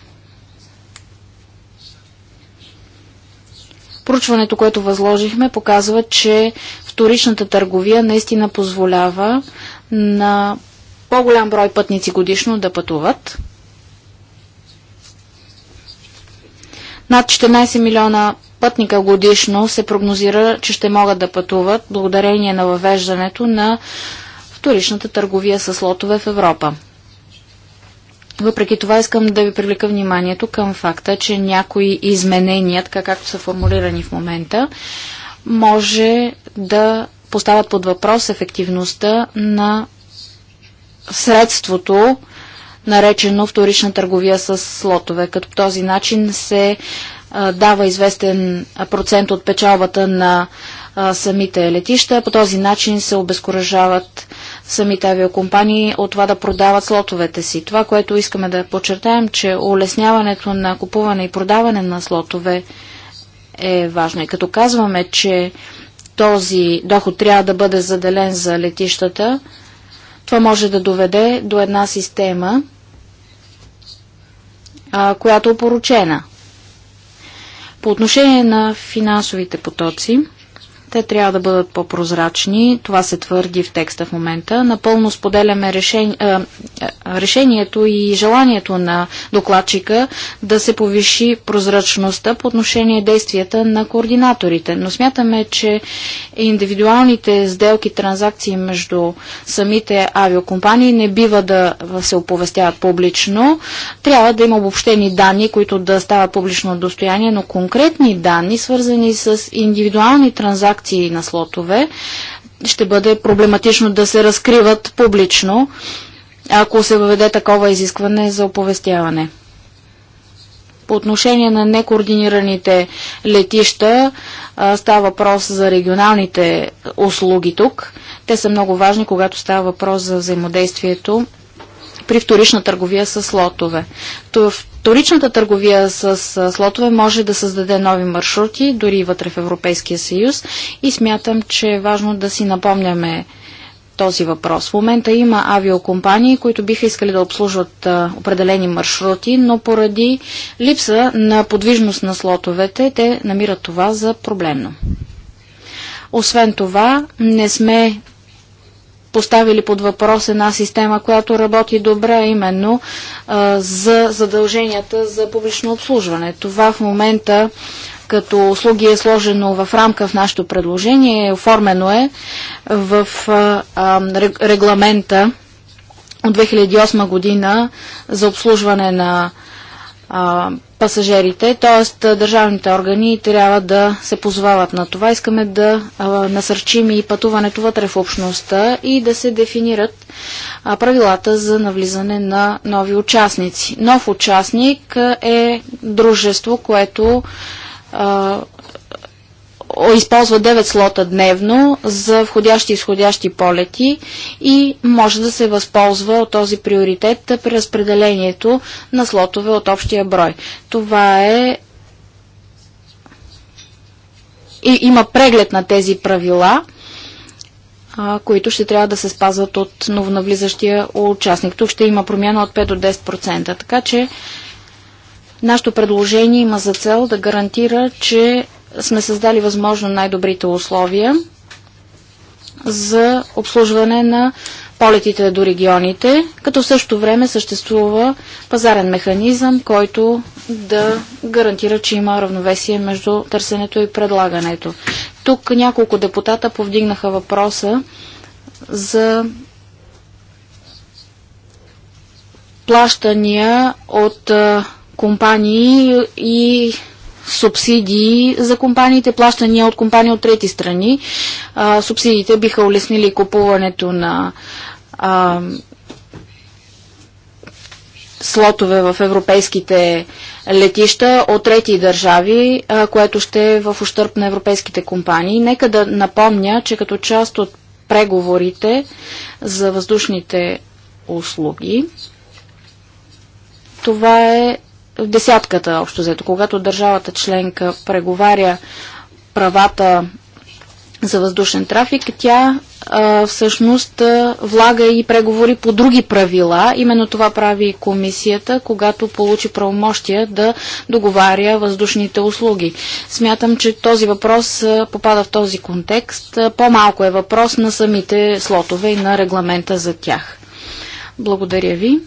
Проучването, което възложихме, показва, че вторичната търговия наистина позволява на по-голям брой пътници годишно да пътуват. Над 14 милиона пътника годишно се прогнозира, че ще могат да пътуват благодарение на въвеждането на вторичната търговия с лотове в Европа. Въпреки това искам да ви привлека вниманието към факта, че някои изменения, така както са формулирани в момента, може да поставят под въпрос ефективността на средството, наречено вторична търговия с слотове. Като този начин се а, дава известен процент от печалбата на а, самите летища. По този начин се обезкуражават самите авиокомпании от това да продават слотовете си. Това, което искаме да подчертаем, че улесняването на купуване и продаване на слотове е важно. И като казваме, че този доход трябва да бъде заделен за летищата, това може да доведе до една система, а, която е поручена. По отношение на финансовите потоци, те трябва да бъдат по-прозрачни. Това се твърди в текста в момента. Напълно споделяме решение, е, решението и желанието на докладчика да се повиши прозрачността по отношение действията на координаторите. Но смятаме, че индивидуалните сделки, транзакции между самите авиокомпании не бива да се оповестяват публично. Трябва да има обобщени данни, които да стават публично достояние, но конкретни данни, свързани с индивидуални транзакции, акции на слотове. Ще бъде проблематично да се разкриват публично, ако се въведе такова изискване за оповестяване. По отношение на некоординираните летища става въпрос за регионалните услуги тук. Те са много важни, когато става въпрос за взаимодействието при вторична търговия с лотове. То вторичната търговия с, слотове може да създаде нови маршрути, дори вътре в Европейския съюз и смятам, че е важно да си напомняме този въпрос. В момента има авиокомпании, които биха искали да обслужват а, определени маршрути, но поради липса на подвижност на слотовете, те намират това за проблемно. Освен това, не сме поставили под въпрос една система, която работи добре именно а, за задълженията за публично обслужване. Това в момента като услуги е сложено в рамка в нашето предложение, оформено е в а, а, регламента от 2008 година за обслужване на а, пасажерите, т.е. държавните органи трябва да се позовават на това. Искаме да а, насърчим и пътуването вътре в общността и да се дефинират а, правилата за навлизане на нови участници. Нов участник е дружество, което използва 9 слота дневно за входящи и изходящи полети и може да се възползва от този приоритет при разпределението на слотове от общия брой. Това е и, има преглед на тези правила, а, които ще трябва да се спазват от новонавлизащия участник. Тук ще има промяна от 5 до 10%. Така че нашето предложение има за цел да гарантира, че сме създали възможно най-добрите условия за обслужване на полетите до регионите, като в същото време съществува пазарен механизъм, който да гарантира, че има равновесие между търсенето и предлагането. Тук няколко депутата повдигнаха въпроса за плащания от компании и субсидии за компаниите, плащания от компании от трети страни. А, субсидиите биха улеснили купуването на а, слотове в европейските летища от трети държави, а, което ще е в ущърп на европейските компании. Нека да напомня, че като част от преговорите за въздушните услуги, това е в десятката общо взето. Когато държавата членка преговаря правата за въздушен трафик, тя а, всъщност влага и преговори по други правила. Именно това прави комисията, когато получи правомощия да договаря въздушните услуги. Смятам, че този въпрос а, попада в този контекст. По-малко е въпрос на самите слотове и на регламента за тях. Благодаря ви.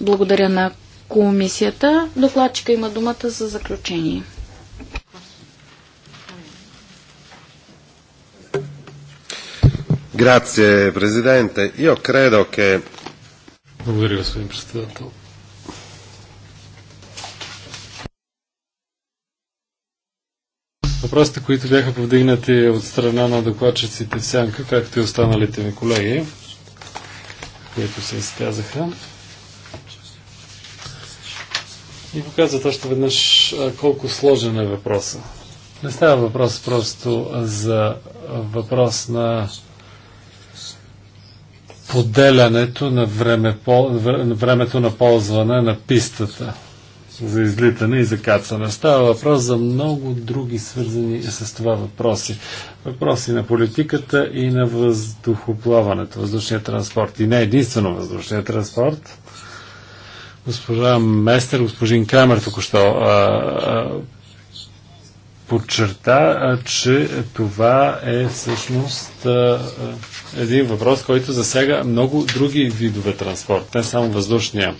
Благодаря на комисията. Докладчика има думата за заключение. Грация, президенте, Io credo che... Благодаря, господин председател. Въпросите, които бяха повдигнати от страна на докладчиците в Сянка, както и останалите ми колеги, които се изказаха, ни показват още веднъж колко сложен е въпроса. Не става въпрос просто за въпрос на поделянето на, време, на времето на ползване на пистата за излитане и за кацане. Става въпрос за много други свързани с това въпроси. Въпроси на политиката и на въздухоплаването, въздушния транспорт. И не единствено въздушния транспорт, Госпожа Местер, господин Крамер току-що подчерта, а, че това е всъщност а, един въпрос, който засяга много други видове транспорт, не само въздушния.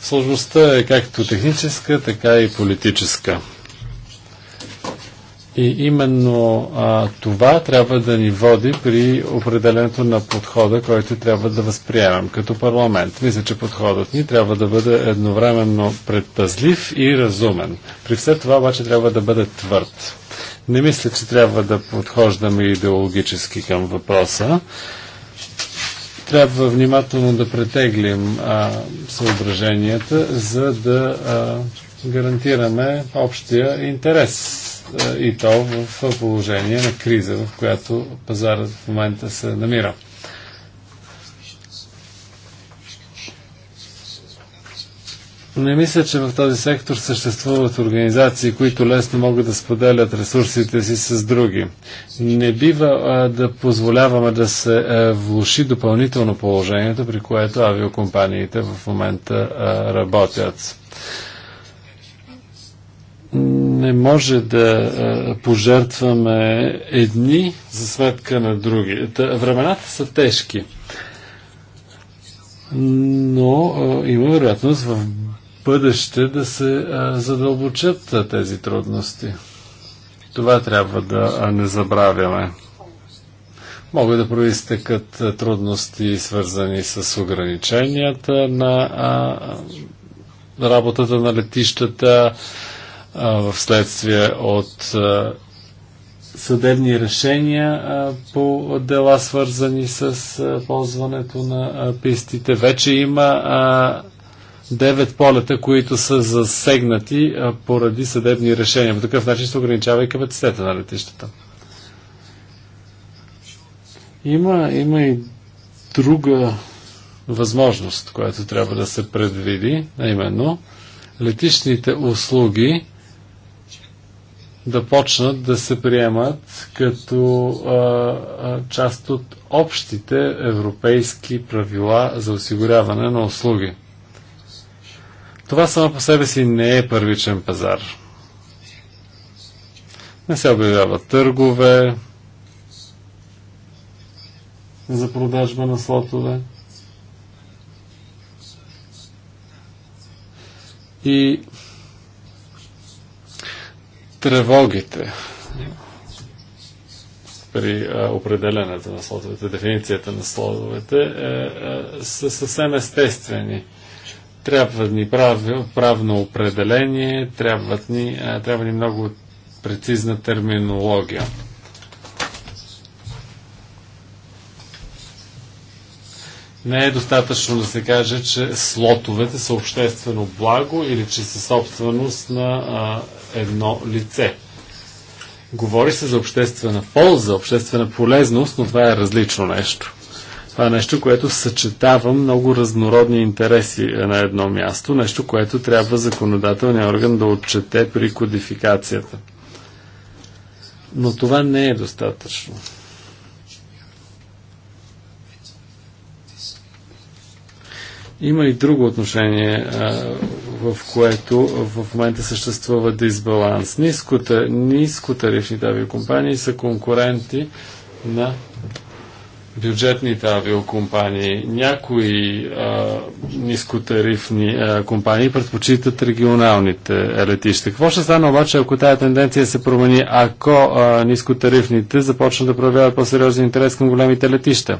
Сложността е както техническа, така и политическа. И именно а, това трябва да ни води при определенето на подхода, който трябва да възприемем като парламент. Мисля, че подходът ни трябва да бъде едновременно предпазлив и разумен. При все това обаче трябва да бъде твърд. Не мисля, че трябва да подхождаме идеологически към въпроса. Трябва внимателно да претеглим а, съображенията, за да а, гарантираме общия интерес е, и то в положение на криза, в която пазарът в момента се намира. Не мисля, че в този сектор съществуват организации, които лесно могат да споделят ресурсите си с други. Не бива а, да позволяваме да се а, влуши допълнително положението, при което авиокомпаниите в момента а, работят не може да пожертваме едни за сметка на други. времената са тежки. Но има вероятност в бъдеще да се задълбочат тези трудности. Това трябва да не забравяме. Могат да проистекат трудности, свързани с ограниченията на работата на летищата, в следствие от съдебни решения по дела, свързани с ползването на пистите. Вече има девет полета, които са засегнати поради съдебни решения. По такъв начин се ограничава и капацитета на летищата. Има, има и друга възможност, която трябва да се предвиди, а именно летищните услуги да почнат да се приемат като а, а, част от общите европейски правила за осигуряване на услуги. Това само по себе си не е първичен пазар. Не се обявяват търгове за продажба на слотове. И тревогите при а, определенето на слотовете, дефиницията на слодовете е, е, са съвсем естествени. Трябва ни прав, правно определение, трябват ни, е, трябва ни много прецизна терминология. Не е достатъчно да се каже, че слотовете са обществено благо или че са собственост на а, едно лице. Говори се за обществена полза, обществена полезност, но това е различно нещо. Това е нещо, което съчетава много разнородни интереси на едно място, нещо, което трябва законодателния орган да отчете при кодификацията. Но това не е достатъчно. Има и друго отношение, в което в момента съществува дисбаланс. нискотарифните авиокомпании са конкуренти на бюджетните авиокомпании. Някои а, нискотарифни а, компании предпочитат регионалните летища. Какво ще стане обаче, ако тази тенденция се промени, ако а, нискотарифните започнат да проявяват по-сериозен интерес към големите летища,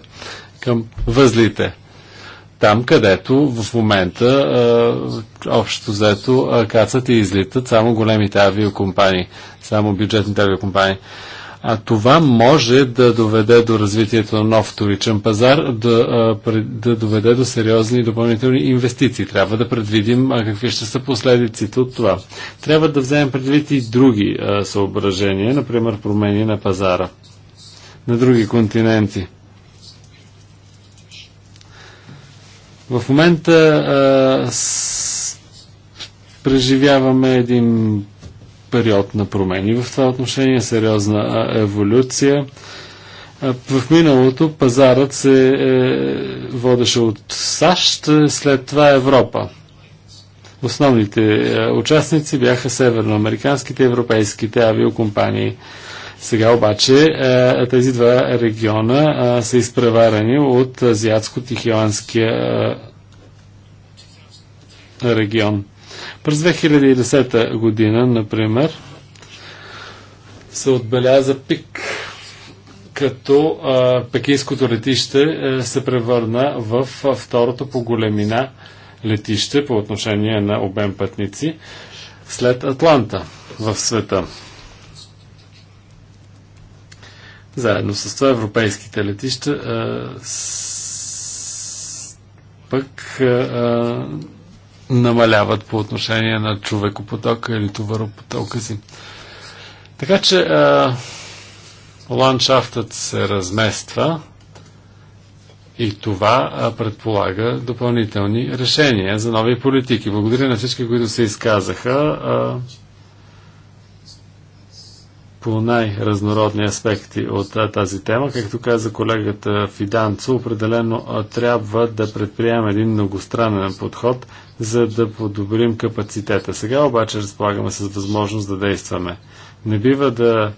към възлите? там, където в момента а, общо взето а, кацат и излитат само големите авиокомпании, само бюджетните авиокомпании. А това може да доведе до развитието на нов вторичен пазар, да, а, да доведе до сериозни допълнителни инвестиции. Трябва да предвидим а, какви ще са последиците от това. Трябва да вземем предвид и други а, съображения, например промени на пазара на други континенти. В момента а, с... преживяваме един период на промени в това отношение, сериозна еволюция. В миналото пазарът се е, водеше от САЩ, след това Европа. Основните е, участници бяха северноамериканските и европейските авиокомпании. Сега обаче е, тези два региона е, са изпреварени от Азиатско-Тихиоанския е, регион. През 2010 година, например, се отбеляза пик, като пекинското летище се превърна в второто по големина летище по отношение на обем пътници след Атланта в света. Заедно с това европейските летища а, с, пък а, намаляват по отношение на човекопотока или товаропотока си. Така че а, ландшафтът се размества и това а, предполага допълнителни решения за нови политики. Благодаря на всички, които се изказаха. А, по най-разнородни аспекти от тази тема. Както каза колегата Фиданцо, определено трябва да предприемем един многостранен подход, за да подобрим капацитета. Сега обаче разполагаме с възможност да действаме. Не бива да,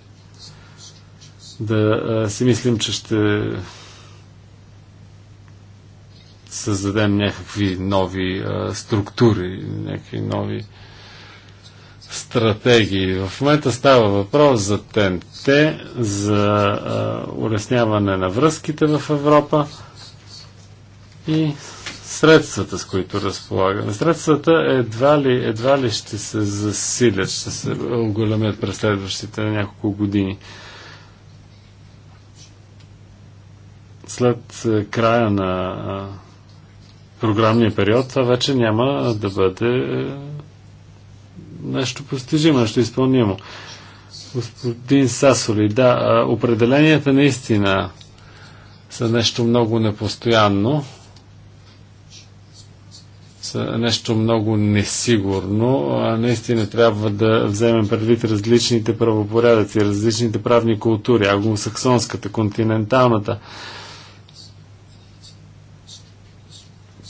да а, си мислим, че ще създадем някакви нови а, структури, някакви нови а, стратегии. В момента става въпрос за ТНТ, за а, улесняване на връзките в Европа и средствата, с които разполагаме. Средствата едва ли, едва ли ще се засилят, ще се оголемят през следващите няколко години. След края на програмния период това вече няма да бъде нещо постижимо, нещо изпълнимо. Господин Сасоли, да, определенията наистина са нещо много непостоянно, са нещо много несигурно. Наистина трябва да вземем предвид различните правопорядъци, различните правни култури, англосаксонската, континенталната.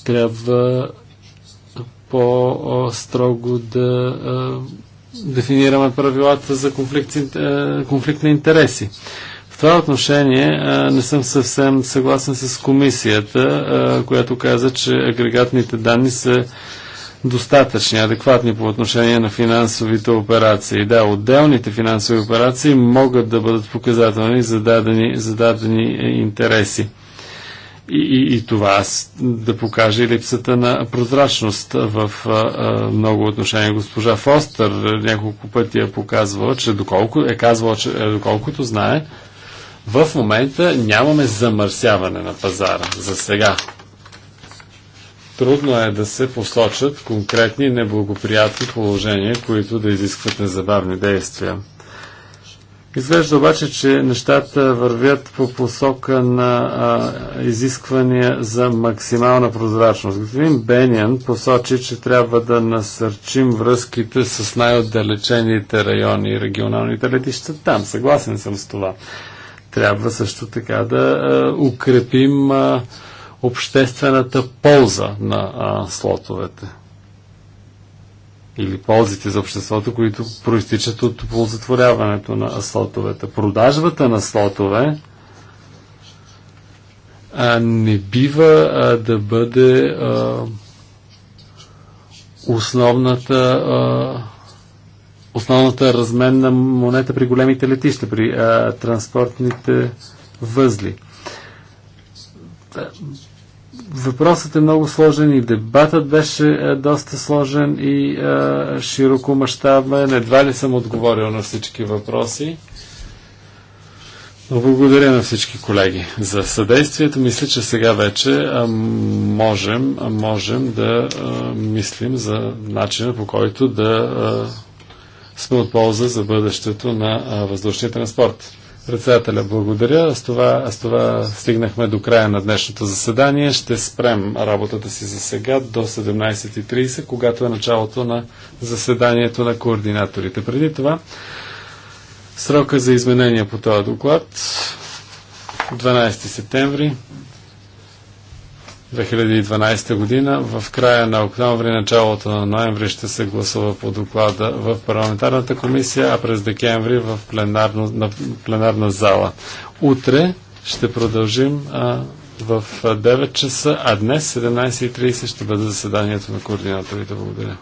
Трябва по-строго да дефинираме правилата за конфликт, конфликт на интереси. В това отношение не съм съвсем съгласен с комисията, която каза, че агрегатните данни са достатъчни, адекватни по отношение на финансовите операции. Да, отделните финансови операции могат да бъдат показателни за дадени, за дадени е, интереси и, и, и това да покаже липсата на прозрачност в а, а, много отношения. Госпожа Фостър няколко пъти е показвала, че доколко, е казвала, че е, доколкото знае, в момента нямаме замърсяване на пазара за сега. Трудно е да се посочат конкретни неблагоприятни положения, които да изискват незабавни действия. Изглежда обаче, че нещата вървят по посока на а, изисквания за максимална прозрачност. Господин Бениан посочи, че трябва да насърчим връзките с най-отдалечените райони и регионалните летища там. Съгласен съм с това. Трябва също така да а, укрепим а, обществената полза на а, слотовете или ползите за обществото, които проистичат от ползатворяването на слотовете. Продажбата на слотове а, не бива а, да бъде а, основната а, основната разменна монета при големите летища, при а, транспортните възли Въпросът е много сложен и дебатът беше е, доста сложен и е, широко мащабен. Едва ли съм отговорил на всички въпроси. Но благодаря на всички колеги за съдействието. Мисля, че сега вече е, можем, можем да мислим за начина по който да сме от полза за бъдещето на въздушния транспорт. Председателя, благодаря. С това, с това стигнахме до края на днешното заседание. Ще спрем работата си за сега до 17.30, когато е началото на заседанието на координаторите. Преди това, срока за изменения по този доклад 12 септември 2012 година. В края на октомври, началото на ноември ще се гласува по доклада в парламентарната комисия, а през декември в пленарно, на пленарна зала. Утре ще продължим а, в 9 часа, а днес 17.30 ще бъде заседанието на координаторите. Благодаря.